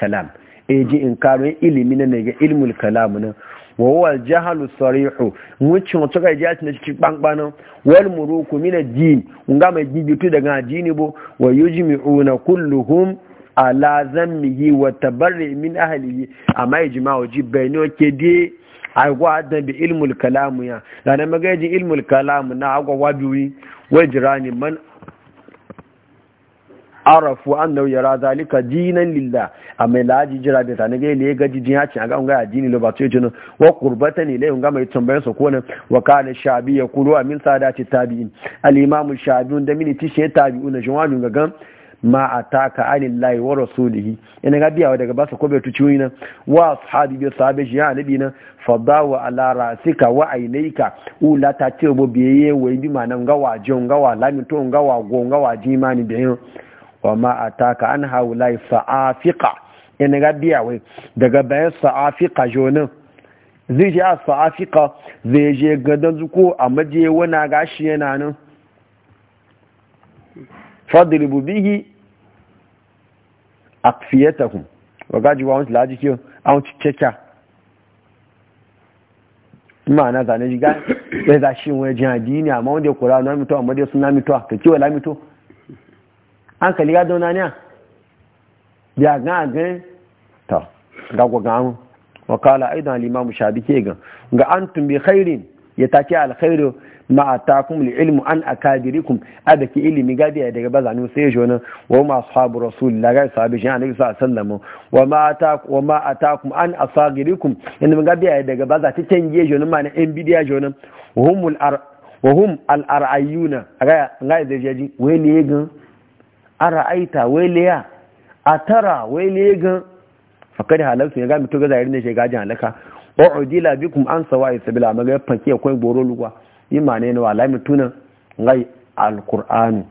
A: e ji inkarin ilimi na ne ilmul kalam na wa huwa al jahalu sarihu mucin wato ga jiya na cikin bangbana wal muruku min ad din ga mai tu daga dini bo wa yujmi'una kulluhum ala zammihi wa tabarri min ahlihi amma ijma'u bayno ke de agwa da bi ilmul kalamu ya dana magajin ilmul kalamu na agwa wabiwi wajirani man arafu annahu yara zalika dinan lillah amma la ji jira da tani ga ne gaji jin hacin ga ga dinin lo ba to yino wa qurbatani le ga mai tambayar su kona wa kana shabi ya kulu amin sadati tabi'in al imam shabi da mini tishe tabi'un jawabin ga gan ma a taka! alillahi wa rasulihi ina ga biya daga basa ko bai tuci wina wa sahabi bi sahabi shi ya nabi na fadawa ala rasika wa ainaika ula ta ce bo biye wai bi manan ga wajon ga wala mi to ga go, ga ji mani yin wa ma a taka! an haula sa'afiqa ina ga biya wai daga bayan sa'afiqa jonin zai je a sa'afiqa zai je gadan zuko a maje wana gashi yana nan fadribu bihi akfiyatahum wagaji wa wani laji kiyo an cikakka ma'ana zane jiga ya za shi wani jihadi ne a wanda ya kura na mito amma dai suna mito ka kiwa la mito an kali ga dauna ne ya ga agan ta ga mu wa kala aidan al-imam shabi ke gan. ga an bi khairin ya take al-khairu ma atakum ilmu an akabirikum adaki ilimi gadi daga bazani sai ya jona wa ma ashabu rasulillah ga sahabi shi annabi sallallahu wa ma atakum wa ma atakum an asagirikum inda gadi daga baza ta canje jona ma na en bidiya jona humul ar wa hum al arayuna ga ga da jaji wai ne gan ara'aita wai liya atara wai ne gan fakari halarsu ya ga mutu ga zahirin da shi gajin halaka wa udila bikum an sawa'i sabila maga fanke akwai goro lugwa yi mane ne wa alamin tunan ngai alkur'ani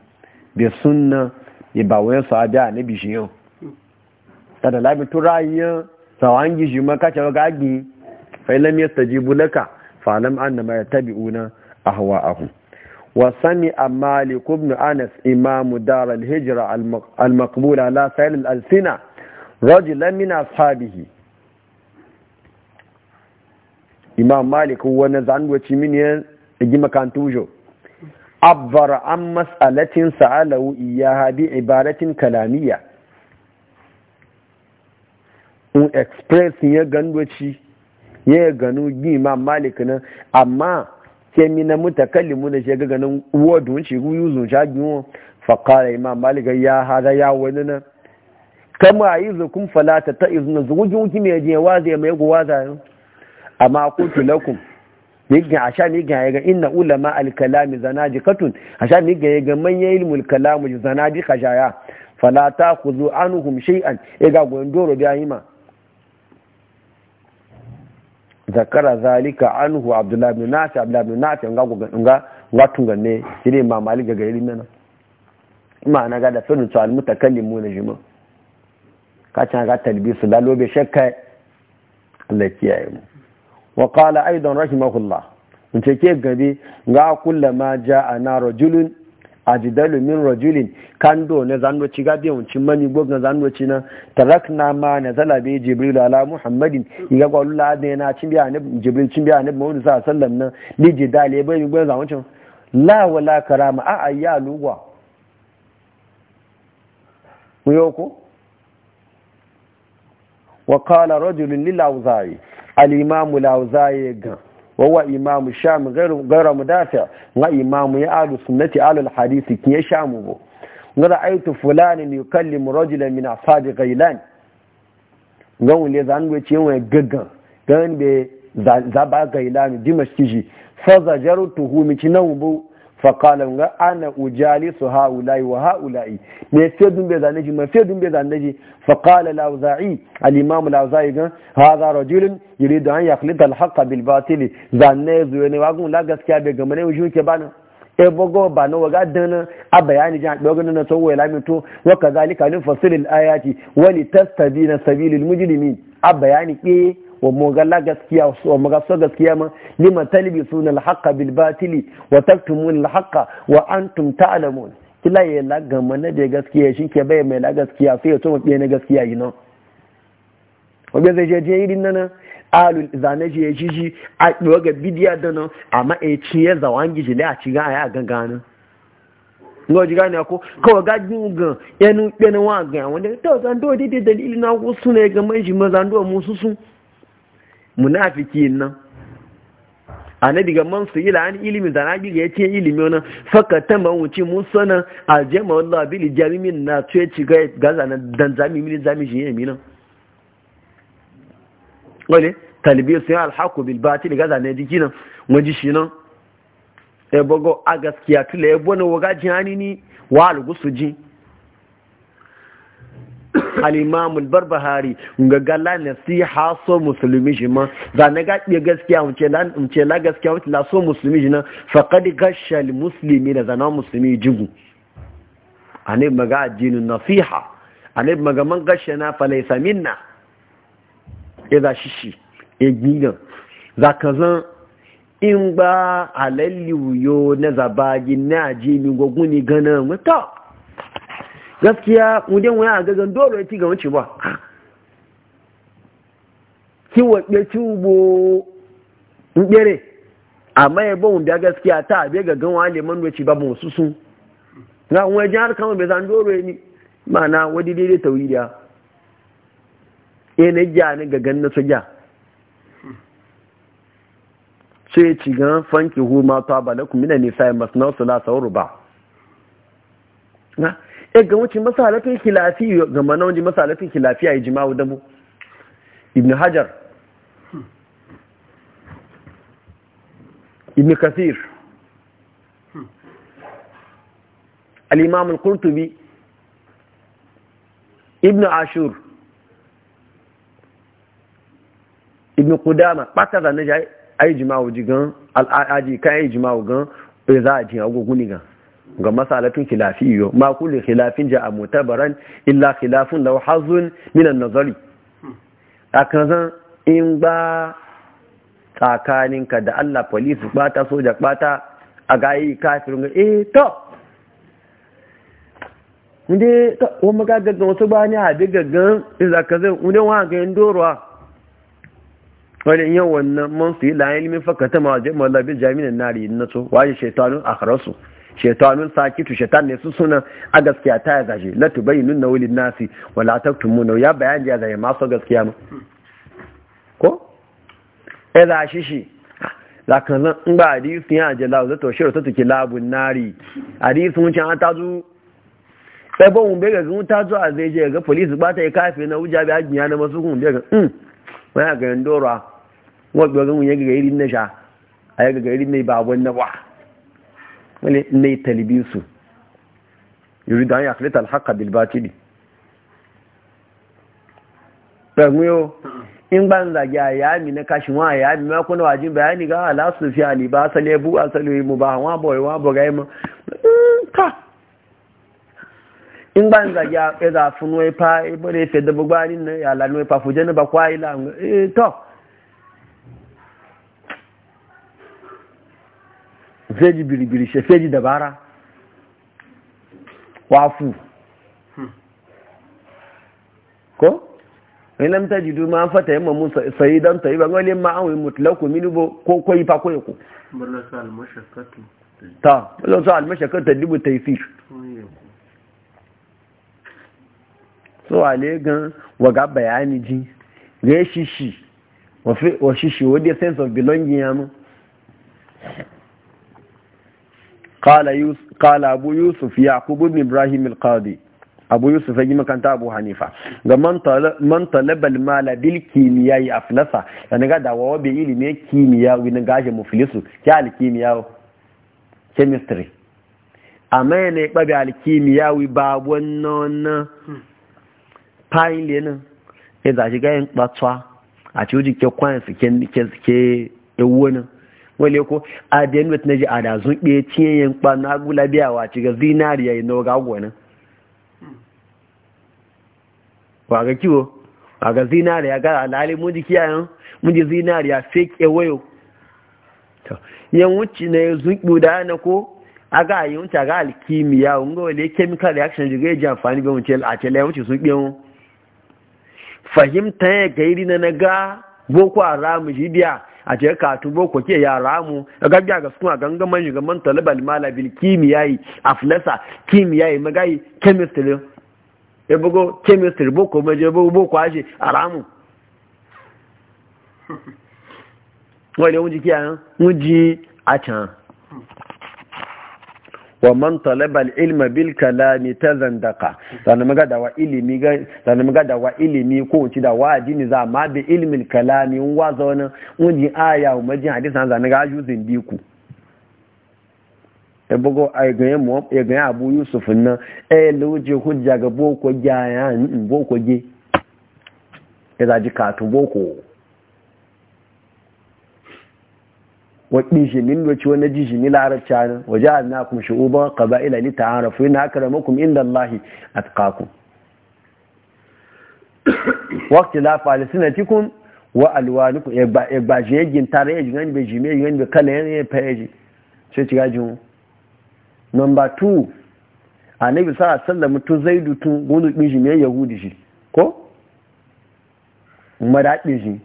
A: bi sunna yi ba wani sahabi a nabi shi yau tada alamin tun rayiyar sawangi shi ma kace gagi fa'ilam ya taji bulaka fa'alam an na mai tabi una a hawa wa sani a ibn anas imamu dar al-hijra al ala sahil al-alsina rajulan min ashabihi imam malik wa nazan igi makantu jo abbar an mas'alatin sa'alawu iya haɗi ibaratin kalamiya un express ya gandoci ya gano gima malik nan amma ke mi na muna da ga ganin wadu mun shi guyu zun sha giwo fa imam malik ya hada ya wani nan kama zukun Falata ta izina zuwa zugujin kimi je waze mai guwa waza amma qultu lakum yigin a sha migin ya ga inna ulama alkalami zanadikatun a sha migin ya ga manyan ilmul kalam zanadika jaya. falata ku zo anuhum shay'an ya e ga gondoro biya yi ma zakara zalika anhu abdullahi bin nafi abdullahi bin nafi nga nga nga ne shine ma malik ga irin nan ma na ga da sunu to mutakallimu na jima ka ta ga talbisu lalo be shakka Allah kiyaye mu wa qala aidan rahimahullah in ce ke gabe ga kullama a na rajulun ajidalu min rajulin kando na zanno ci gabe wuncin mami gog na zanno ci na tarakna ma na zalabe jibril ala muhammadin iga gwalu la da yana cin biya ne jibril cin biya ne muhammadu sallallahu alaihi wasallam na ni jidale bai mi gwan a ayya lugwa muyoko wa qala al'imamu lauzaye gan wawa imamu sham gara mudafiya na imamu ya alu sunnati alul hadisi kin ya shamu bo na ra'aitu fulani ne kalli murajulan min asabi gailan gan wule zan gwe ce wani gaggan gan be zaba gailan dimashkiji fa zajaru tuhumi ci nan bu faƙalan ga ana ujali su ha'ula'i wa ha'ula'i me fedun bai zane shi me fedun bai zane shi faƙala lauza'i al'imamu lauza'i gan ha za rajulun yiri da an ya kalita alhaƙa bil batili zane zuwa ne wagun la gaskiya bai gama ne wuce ke bana e bogo ba na waga dana a bayani jan dogon na tsawo ya lamito wa kazalika lin fasilil ayati wa litastabina sabilil mujrimin a bayani ke wa mogalla gaskiya wa magaso gaskiya ma lima talibi suna alhaqa bil batili wa taktumun alhaqa wa antum ta'lamun kila ya la gama na da gaskiya shi ke bai mai la gaskiya sai ya tuma na gaskiya yi nan wabe zai je je irin nan Alu zane je ji ji a ɗuwa ga bidiya da nan amma e ci ya zawan gijile a ci gaya a ganganin ngo ji gane ko kawai ga gan yanu ɗanin wa gan wanda ta zando daidai dalilin na wasu ne ga mai shi mazando musu susu? munafikin nan annabi ga man su yi an ilimin da nabi ga ce ilimi wani faka ta man wuce mun sana aljama wallahi bil jami'in na tuye ci ga gaza na dan zami mini zami shi yemi Wani talibiyar talbiyu yi alhaku bil batil gaza na jiki nan waji shi nan ya bago a gaskiya tula ya bona waga jani ni wa algusu ji al barbahari ga gala nasiha so musulmi shi ma za na ga iya gaskiya mu la gaskiya mu la so musulmi shi na faƙaɗi gashal musulmi da zana musulmi jigu anai maga addinin nasiha anai maga man gashe na e za shi shi e ya gina, za ka zan in ba alalliyo na zabagi na ajini gogun ni ganan gaskiya mudin waya gagan dole ya ci ga wuce ba ki wadde tubo in dere amma ya bawun da gaskiya ta abe ga gan wale man wuce ba mu susu na wajen har kama bai zan dole ni mana wadi daidai tauriya ya? Eh, na ja ni ga gan na So sai ci gan fanki hu ma ta balakum ne nisa masu salasa ruba na ga wuce masalatun khilafi ga mana wuce masalatun khilafi a yi jima'u da mu ibn hajar ibn kasir alimam imam al-qurtubi ibn ashur ibn qudama ɓata da ne ai jima'u jigan al-aji kai jima'u gan za a jin agogun ni ga Khilafi khilafiyyo ma kullu khilafin ja'a mutabaran illa khilafun law hazun min an-nazari hmm. akazan in ba tsakaninka da Allah police bata soja bata a gayi kafirin eh to inda ta wani gaggagan wasu ba ni haɗe gaggan ka zai wani wanga yin doruwa wani yau wannan mun su yi la'ayi limin fakata ma wajen mallabi jami'in nari na so waje shaitanun a shaitanun sakitu shaitan ne su suna a gaskiya ta ya zaje la tubayinu na wulin nasi wala na. ya bayan ya zaje masu gaskiya ma ko eh da shi shi zakanan in ba hadisi ya je lawo zato shiro ta tuki labun nari hadisi mun can ta zu sai e ba mun bega zun ta zu a zai je ga police ba ta yi kafi na wuja bi ajiya na masu hun bega um mm. wani ga ndora wa ga mun yaga ga irin na sha a yaga ga irin ne ba wannan ba wani ne su, yuri da an yaklita alhaka bilbatili pẹ̀gbín in ba n zage a yami na kashi wa a yami ma kuna wajin bayani ga alasu fi aliba asali ebu asali mu ba wa boye wa boga ima ta in ba n zage a ẹza funu ipa ibo da ife dabu gbanin na yalanu ipa fuje na bakwa ila to feji biribiri she feji dabara wafu hmm. ko in lam tajidu ma fata yamma musa sayidan tayyiban wal yamma aw mutlaku minhu ko koyi fa ko barasa al mashakkatu ta lo sa al mashakkatu tadibu tayfir so ale gan wa ga bayani ji re shishi wa fi wa shishi wa the sense of belonging yamu kala abu yusuf ya yaqub ibn ibrahim al abu yusuf ya yi makanta abu hanifa ga man talabal mala bil kimiyya ya aflasa da ni gada wa wabe ilimin kimiyya wani gashe mufilisu ya alkimiyya chemistry A yana ya ɓabe alkimiyya wi ba wannan fayin lenin ya zashi gayin ɓatsuwa a cikin kekwan su ke ewu nan wale ko a da yanwet na ji a da zun ɓe ciyen kpa na gula wa ci ga zinariya yi na ga gwanin wa ga kiwo wa ga zinariya ga alhali mun ji kiyayen mun ji zinariya fake a wayo yan wuce na zun ɓu da na ko a ga yi wuce ga alkimiya wunga wale chemical reaction ji ga yi ji amfani ga wuce a ce layan wuce sun ɓe wun fahimta ya gairi na na ga boko ramu jibiya a ce ka boko ke yara mu a gaggiya ga suna gangaman shugaban talibal malabil kimiyayi aflasa kimiyai magayi chemistry ya e bugo chemistry boko maje bugo boko ashe a aramu. wale wunji kiyayen wunji a can wa man ilma bil kalami tazandaka sannan ga da wa ilimi ga sannan ko wuci da wa ajini za ma kalami wa zawana wani aya e bugo ay ganyen e ganyen abu yusuf na e loje hujja ga boko gaya boko ge e za ji boko waɗin shi min wace wani ji shi ni larabci ne waje a na kuma shi'uban ƙaba'ila ni ta harafu yana haka da kuma inda Allahi a tukaku wakti lafa cikin wa alwaniku ya ba shi yagin tare ya gani bai jime ya jigani bai kala ya fa ya ji sai ci mu. Nomba 2 a nabi sa a sallama tun zai dutun gudu ɗin shi mai yahudi shi ko ɗin shi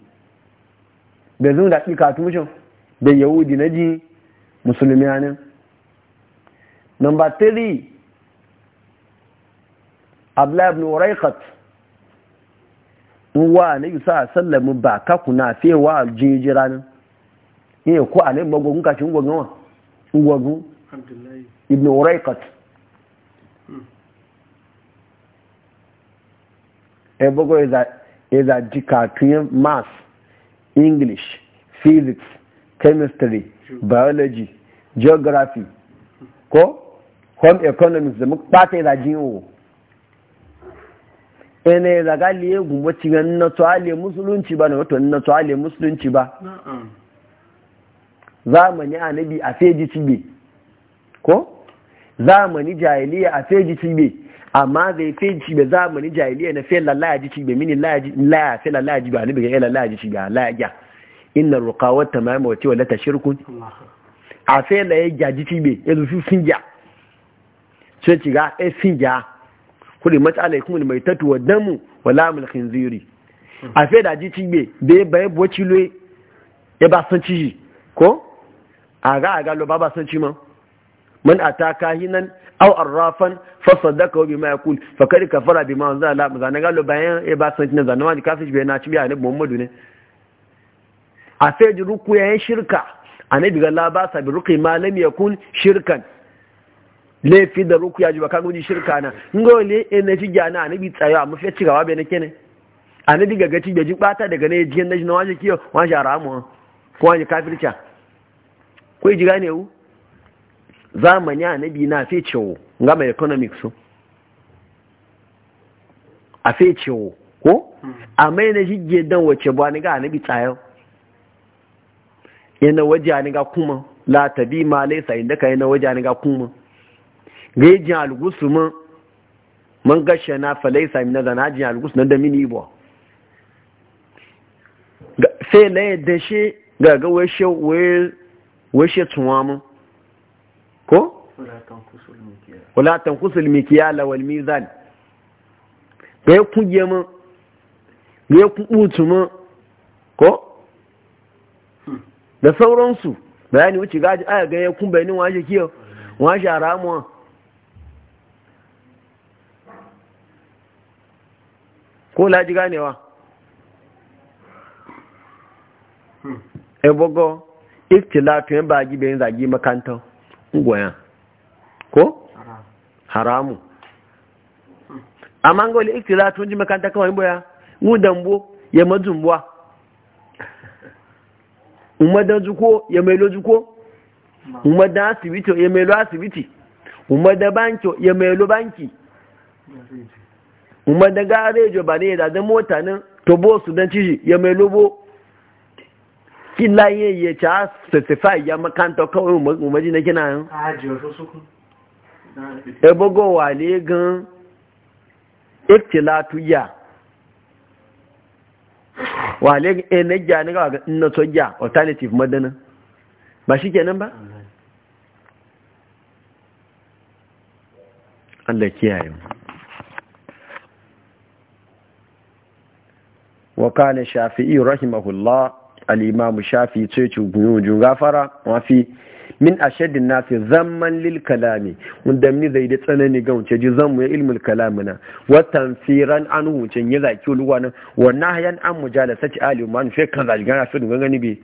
A: bai zun da ɗi katushin da yahudi na ji musulmi hannun nomba 3 abdullahi ibn raikat wa na yi sa sallamu ba kakuna fewa jijira nan iya ku a ne magwagun kashin gwagun wa gwagun ibn raikat hmm. ebogo is e e a jikakiyar math english physics chemistry biology geography ko home economics da muka ɓata yi rajin yiwu ina yi zaga liye gumba cikin na tuwale musulunci ba na wato na tuwale musulunci ba zamani anabi a feji cibe ko zamani jahiliya a feji cibe amma zai feji cibe zamani jahiliya na fe lalaya ji cibe mini laya fe lallaya ji ba ni bi ga lallaya ji cibe a laya inna ruqawat tamam wa tiwa lata shirkun a sai la ya gaji tibe ya zufi finja sai ci ga e finja kuli matsala kuma mai wa damu wala mul khinziri a sai da ji tibe ya bai boci loye ya ba san ci ko a ga a ga lo ba ba san ci ma man ataka hinan aw arrafan fa saddaka bima yaqul fa kad kafara bima anzala la zanaga lo bayan e ba san ci na zanama ni kafir be na ci biya ne muhammadu ne a sai ji ruku yayin shirka a na la ba sa bi ruku ma lam yakun shirkan laifi da ruku ya ji bakan guji shirka na ngole e na fi jana annabi tsayo amma fi ci gaba bai nake ne annabi ga gaci bai ji bata daga na jiyan da na waje kiyo wa shi haramu ko wa kafirca ko ji gane wu zamani annabi na fi ciwo ga mai economics a fi ciwo ko hmm. amma yana jigge dan wace ba ni ga annabi tsayo yana waje ni ga kuma la tabi ma inda indaka yana waje ni ga kuma gejin mun mun gashe na fa laisa min na jin algus nan da yi bo sai na da shi ga ga washe washe tuwa mun ko wala tankusul mikiyala wal mizan bai ku mun bai ku butu mu ko da sauransu bayani wuce gaji aya ga ya kun bayanin washe kiyo washe ramuwa ko laji ganewa ebogo iftilatu yan bagi bayan zagi makanta, ngwaya ko haramu amma ngoli iftilatu ji makanta kawai boya ngu dambo ya mazumbuwa umadan zuko ya mailo zuko umadan asibiti ya mailo asibiti umadan banki ya mailo banki umadan garejo ba ne da da mota nan to bo su ciji ya mailo bo kila yin ya ca certify ya makanta kawai umaji na kina yan ebogo wale gan ikhtilatu ya wale e na gya ni ga na so alternative madana ba shi kenan ba Allah kiyaye wa kana shafi'i rahimahullah al-imam shafi'i ce ci gafara wa min ashaddin nasi zaman lil kalami wanda ni zai da tsanani ga wuce ji mu ya ilmul kalami na wa tanfiran an wuce ya zaki luwa nan wa nahyan an ci ali man fe kan zaki gana su dun gani bi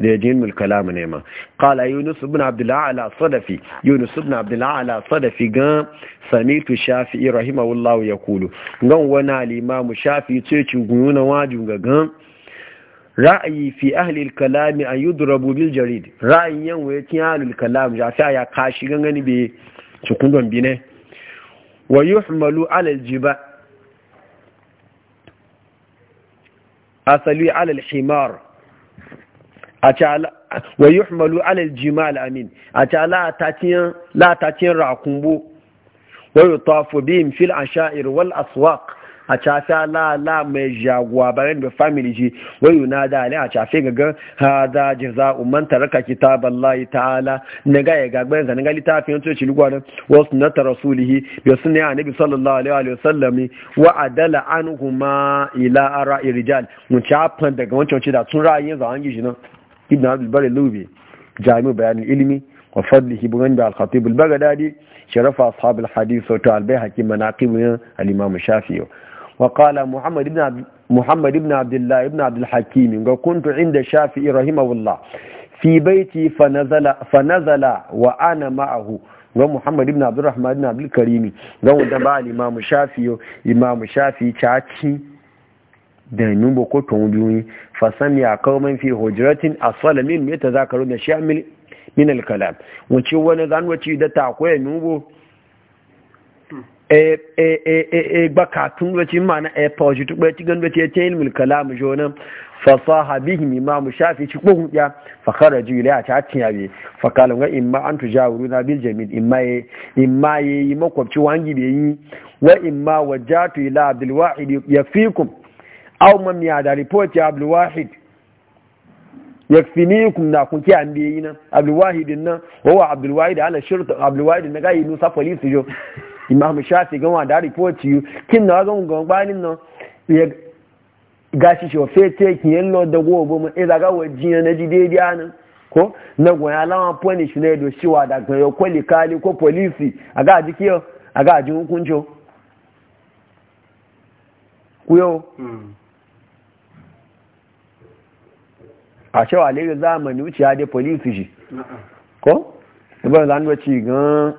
A: da ya jin kalami ne ma qala yunus ibn abdullah ala sadafi yunus ibn abdullah ala sadafi ga samitu shafi'i rahimahullahu yaqulu gan wana al-imam shafi'i ce ci guyuna wajin ga gan ra'ayi fi ahli al-kalam an yudrabu bil jarid ra'ayin yan waye ahli al kalam ja fa ya kashi gangani be cikin don ne wa yuhmalu ala al jiba asali ala al himar atala wa yuhmalu ala al jimal amin atala tatiyan la tatiyan raqumbu wa yutafu bihim fil ashair wal aswaq a cafi ala mai jaguwa bayan da family ji wai yuna da ali a cafi gaggan ha da jaza umman taraka kitaban layi ta'ala na ga ya gagbayin zanen gali ta fiye tuci lugwanin wasu na tarasulihi da su ne a nabi sallallahu alaihi wa sallami wa adala an huma ila ara Mu mun cafan daga wancan ce da tun ra'ayin zaman gishi nan ibn abdul bari lubi jami'u Bayani ilimi وفضله بغند الخطيب البغدادي شرف أصحاب الحديث وتعالى بها كما ناقب الإمام الشافعي وقال محمد بن محمد بن عبد الله بن عبد الحكيم كنت عند الشافعي رحمه الله في بيتي فنزل فنزل وانا معه ga Muhammad ibn Abdurrahman ibn Abdul Karimi ga wanda ba Imam Shafi'i Imam Shafi'i caci da numba ko tun biyu fa sami a kawman fi hujratin asfala min yatazakaru da shamil min al-kalam wace wani zanwaci da ta koya numbo E, e, e, bakatun wacce mana a fawashi tukwai ci gan wacce ta ilmul kalam jonan fasaha bihim imamu shafi ci kogun ya fakara kharaju ila ta tiya bi fa kalam ga imma an na bil jamil imma ye imma ye makwabci wangi da yi wa imma wajatu ila abdul wahid yafikum aw man ya da report ya abdul wahid yakfinikum na kun kiyan be yi na, abdul wahid nan wa abdul wahid ala shirta abdul wahid na ga yi nusa police jo imam shafi gan wanda report you kin na gan gan gbanin no ya gashi shi ofe te kin yin lo da go bo mu e daga wajiyan na ji dai anan ko na go ya lawa punish ne do shiwa da gan yo kwali kali ko police aga ji kiyo aga ji hukunjo kuyo a cewa lagos zamani wuce ya dai police shi ko? Ibar zanuwa ci gan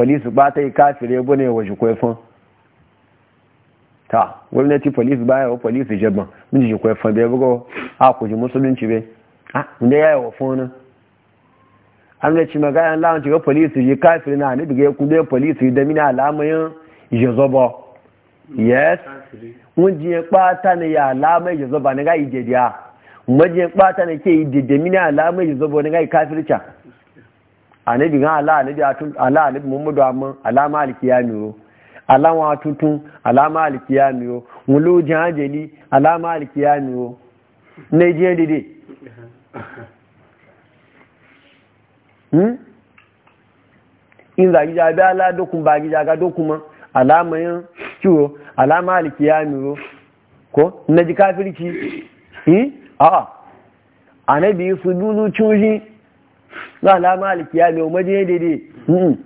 A: police ba ta yi kafire bane wa shi kwaifan ta gwamnati police ba yawa police jaban mun ji kwaifan bai bugo a ku ji musulunci bai a inda ya yi wa fonin an da ci magana lawan cewa police yi kafire na ni biga ku bai police da mina alamayin jezobo yes mun ji kwata ne ya ya jezoba ne ga idediya mun ji kwata ne ke idedemina ya jezobo ne ga kafirca anabi gan ala anabi atun ala anabi muhammadu amma alama alkiyami ala alama tutun alama alkiyami o wulu janjeli alama alkiyami o ne je dede hmm in za gija bi ala dokun ba gija ga dokun ma alama yin ciwo alama alkiyami o ko na ji kafirci eh a anabi su dunu cin za a lama alikiya mai umarni ne daidai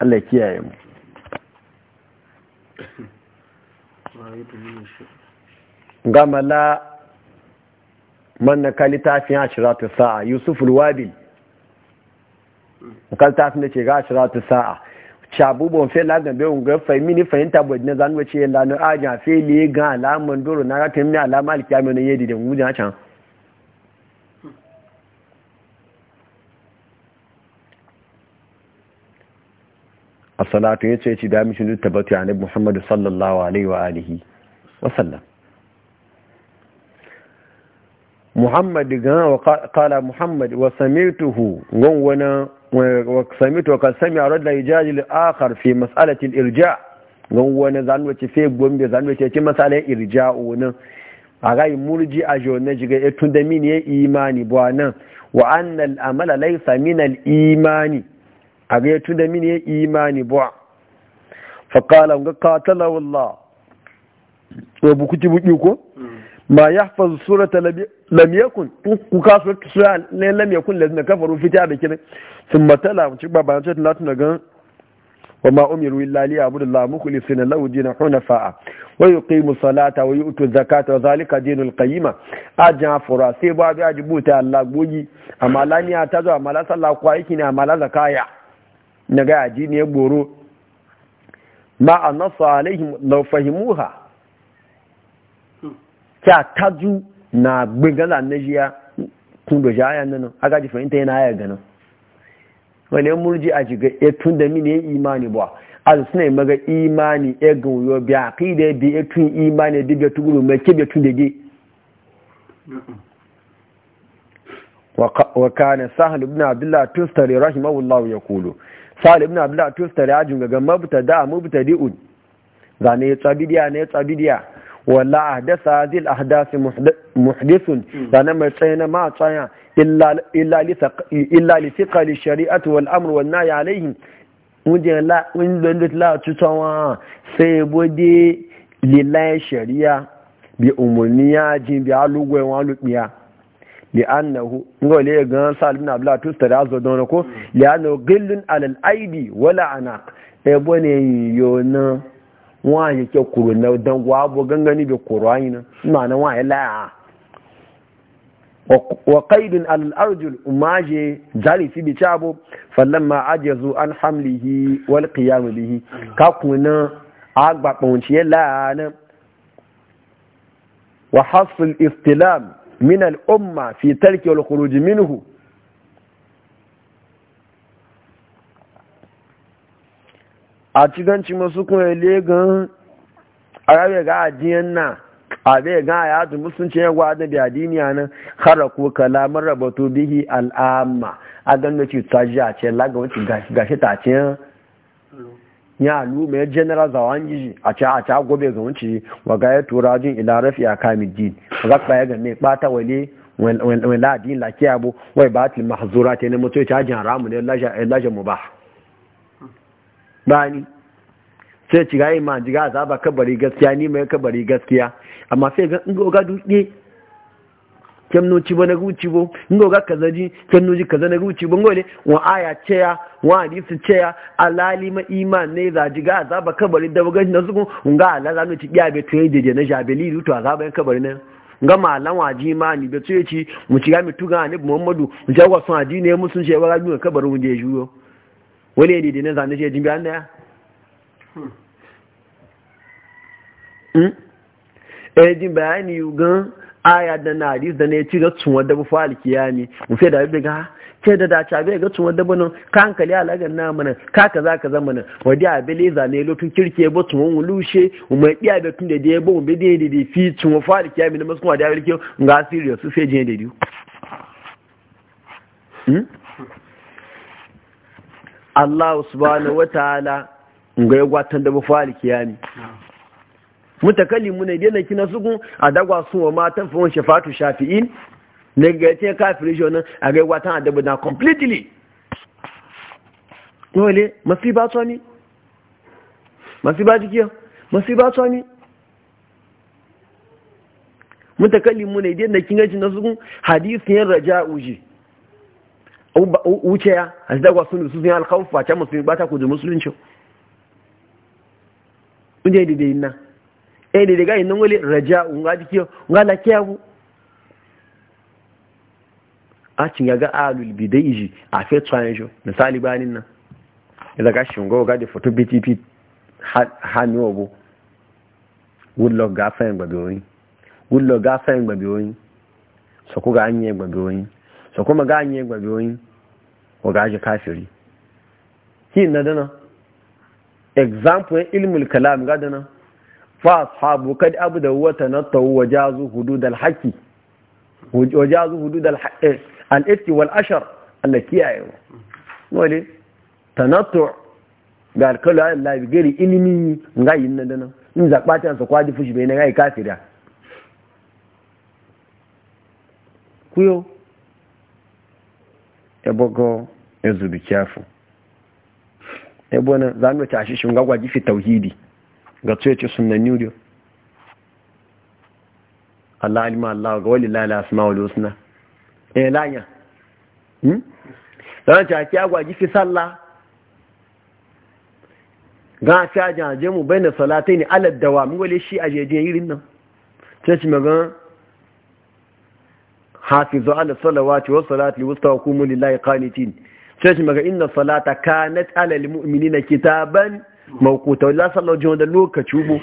A: Allah kiyaye mu gama la manna kalitafin ashiratu sa'a yusuf ulwabil kalitafin da ke ga ashiratu sa'a bon fe la gambe un ga fai mini fahimta bo dina zan wace la no aja fe le ga alaman doro na ga temni alama alkiyama ne yedi da mu jan can as-salatu yace ci da mishin tabbata ya nabi Muhammad sallallahu alaihi wa alihi wa sallam Muhammad gan wa qala Muhammad wa samituhu gon wana wa samitu wa kan sami arad la ijaji li akhar fi mas'alati al-irja gon wana zanwa ci fe gombe zanwa ci masalai irja nan a gai murji a jona jiga etun da mini ya imani bu nan wa annal amala laysa min al-imani a ga yato da mini ya imani ba faƙalan ga katala wallah wa buku ci buki ko ma ya fa surata lam yakun ku ka surata ne lamiyakun yakun lazina kafaru fita da kinin sun matala ci ba bayan cewa tunatuna gan wa ma umiru illa li abudu la mukhlisina lahu dinu hunafa wa yuqimu salata wa yu'tu zakata wa zalika dinul qayyima aja fura sai ba bi ajibuta Allah gogi amma laniya ta zo amma la sallah kwa yake ne amma la zakaya na ga yaji ne gboro ma a nasu alaihim lau ha kya taju na gbigala na jiya kun da jaya nan aka ji fahimta yana ya ganin wani yan murji a jiga ya tun da mini ya imani ba a suna maga imani ya gauyo biya kai da bi ya tun imani da biya tuguru mai ke biya tun da ge wa kana sahal ibn abdullah tustari rahimahullahu yaqulu salih ibn abdullah tustari ajin ga mubtada mubtadi'un zane ya tsabidiya ne ya tsabidiya wala ahdasa hadil ahdasi muhdisun hmm. zane mai tsayana ma tsaya illa li thiqali shari'ati wal amr wan nahy alayhim wujin la wujin la tutawa sai bode lillahi shari'a bi umurniya jin bi alugwe wa lubiya li'annahu ngo le gan sal ibn abdullah tustara azo don ko li'annahu ghillun alal aidi wala anaq e bone yo na wa ya ke kuro na dan gwa bo gangani be kuro ayi na ma na wa la wa qaidun alal arjul umaje jari fi bichabo falamma ajazu an hamlihi wal qiyam bihi ka kuna agba ponchiye la na wa hasl istilam min umma fi tarki wal minhu a cikin cimma su kuma legan arabe ga ajiyan na abe ga ya ya gwada da diniya nan haraku kalamar rabatu bihi al'amma a ganga ci ta ji a ce laga wacce gashi ta ce ya luma ya general zawan yi a ca a ca gobe ga wunci wa ga ya tura jin ila rafi a din za ka ya game bata wale wani ladin laki abu wai ba ta mahzura ta ne mutu ta jin haramu ne lashe mu ba bani sai ci ga yi ma jiga za ba kabari gaskiya ni mai kabari gaskiya amma sai ga in ga duke kem no cibo na guci bo ngo ga kaza ji kem no ji kaza na guci bo ngole wa aya ceya wa hadisi ceya alali ma iman ne za ji ga azaba kabari da bugan na zugo nga alala no ti biabe to je na jabeli lutu azaba kabari na nga malan waji ma ni be tuye ci mu ci ga mi tuga ne muhammadu mu ja wa aji ne mu sun je wa ga kabari mu je juro wale ne de ne za ne je jimbi hmm. hmm? eh jimbi an ni yugan. aya da na ri da ne ci ga tun da bu fali kiyami mu fe da bi ga ke da da cha be ga tun da bu nan kan kali alagan na mana ka kaza kaza mana wadi bele za ne lotun kirke bu tun mu lushe mu mai iya da tun da dai bu mu be dai da fi tsuwa fali kiyami na musu da abele nga serious su sai je da diu hmm? Allah subhanahu wataala ngai gwatan da bu fali kiyami mutakallimu ne dena kina a dagwa sun wa matan fawon shafatu shafi'in ne ga te kafiri jona a ga wata adabu na completely dole masiba to ni masiba dikiyo masiba to ni mutakallimu ne dena kina kina hadisi yan raja uji wuce ya dagwa sun su sun alkhawfa ta musulmi ba ta ku da musulunci kun je dide na. e ne daga inan wale raja unga jike unga lakiya bu a cin ya ga alul bidai iji a fe tsayin shi misali banin nan ya daga shingo ga da foto btp hannu ogo woodlock ga fayin gbabe oyin woodlock ga fayin gbabe oyin sako ga anye gbabe oyin sako ma ga anye gbabe oyin wa ga aji kafiri ki na dana example ilmul kalam ga dana fa ashabu kad abda wa tanattahu wa jazu hudud al haqqi wa jazu hudud al haqqi eh, al ifki wal ashar Allah kiyaye wale tanattu ga alkalu Allah bi gari ilimi ngayin nan dana in zakpa ta sa kwaji fushi bai na ngai kafira kuyo ebogo ezubi kyafu ebona zanu tashi shunga gwaji fi tauhidi ga tsoyace sunan yudiyo Allah alima Allah ga wali lala asma wali suna ɗaya eh, lanya hmm dan ta ki agwa a fi a ga ta jaje mu bayna ne ala dawam wali shi a je irin nan sai ci magan hafizu ala salawati wa salati wusta wa qumu lillahi qanitin sai ci magan inna salata kanat ala almu'minina kitaban mawkuta wani lasar lojin da lokaci ubu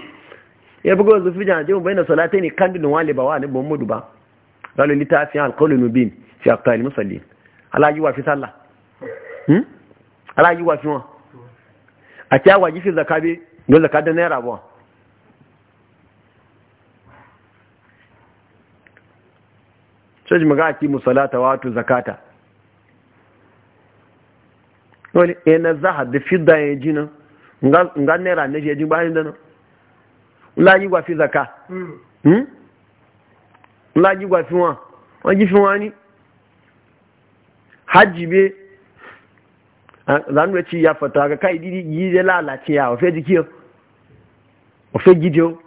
A: ya jana zufi jan salata ne kan kandin wale ba ne bon mudu ba galu litafi alqawl bin fi aqtal musallin salli alayi wa fi salla hmm ala wa fi wọn a ta waji fi zakabe zaka da naira ba sai maga aki musalata wato zakata wani yana zahar da fidda ya ji nan nga naira na jejin bayan da nan la yi gwafi zaka la hmm. hmm? yi gwafi wa wọn gifi wa ni hajji be zanuwa ci ya fata ga kai didi yi zai lalace ya ofe jiki ofe gidiyo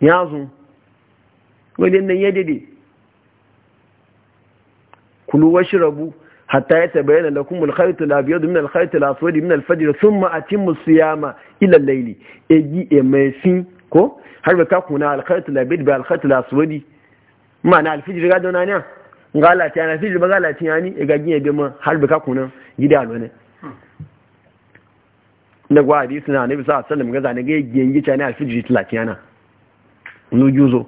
A: ya zo wajen nan ya dade kuluwar shi rabu hatta ya tabayyana lakum al-khayt al-abyad min al-khayt al-aswad min al-fajr thumma atimmu as-siyama ila al-layli eji e mai sin ko har ba ka kuna al-khayt al-abyad bi al-khayt al-aswad ma'ana al-fajr ga dona ne ngala ta na fajr ba gala tin yani e ga gine be ma har ba ka gida lo ne da gwa hadisi na nabi sallallahu alaihi wasallam ga zane ga gengi ta ne al-fajr 30 yana nu juzo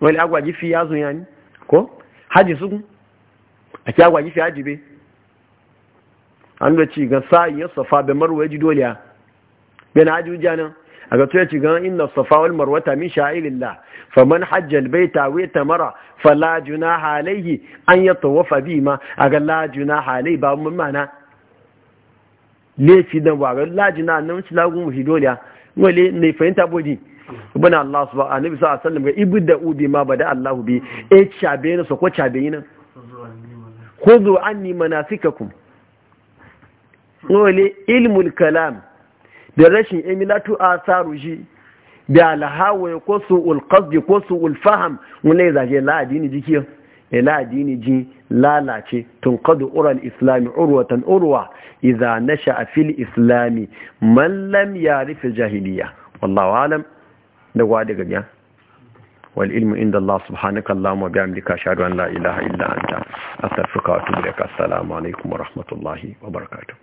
A: wani agwaji fi yazo yani ko haji su a yi gifi haji be an da ci ga sa ya safa bai marwa ya ji doliya na haji hujja nan a ga tuya ci gan inna safa wal ta min sha'irillah ta, wai ta mara. Fa fala junaha halayi an yatawafa bi ma a ga la junaha alayhi ba mun mana lefi da ba ga la junaha nan shi lagun mu doliya wale ne fahimta bodi ibn Allah a annabi sa a wasallam ga ma ba da Allahu bi e cabe ne so ko chabe ne khudhu anni manasikakum wale ilmul kalam da rashin emilatu shi da alhawa ko su'ul qasd ko ulfaham faham wale zaje la'adini jiki jikiyo ila eh, ji lalace kadu ural islami urwatan urwa iza nasha fil islami mallam ya rufe jahiliya wallahu da gwa daga biya wal ilmu inda Allah subhanaka Allahumma wa bihamdika ashhadu an la ilaha illa anta astaghfiruka wa atubu ilaik assalamu alaikum wa rahmatullahi wa barakatuh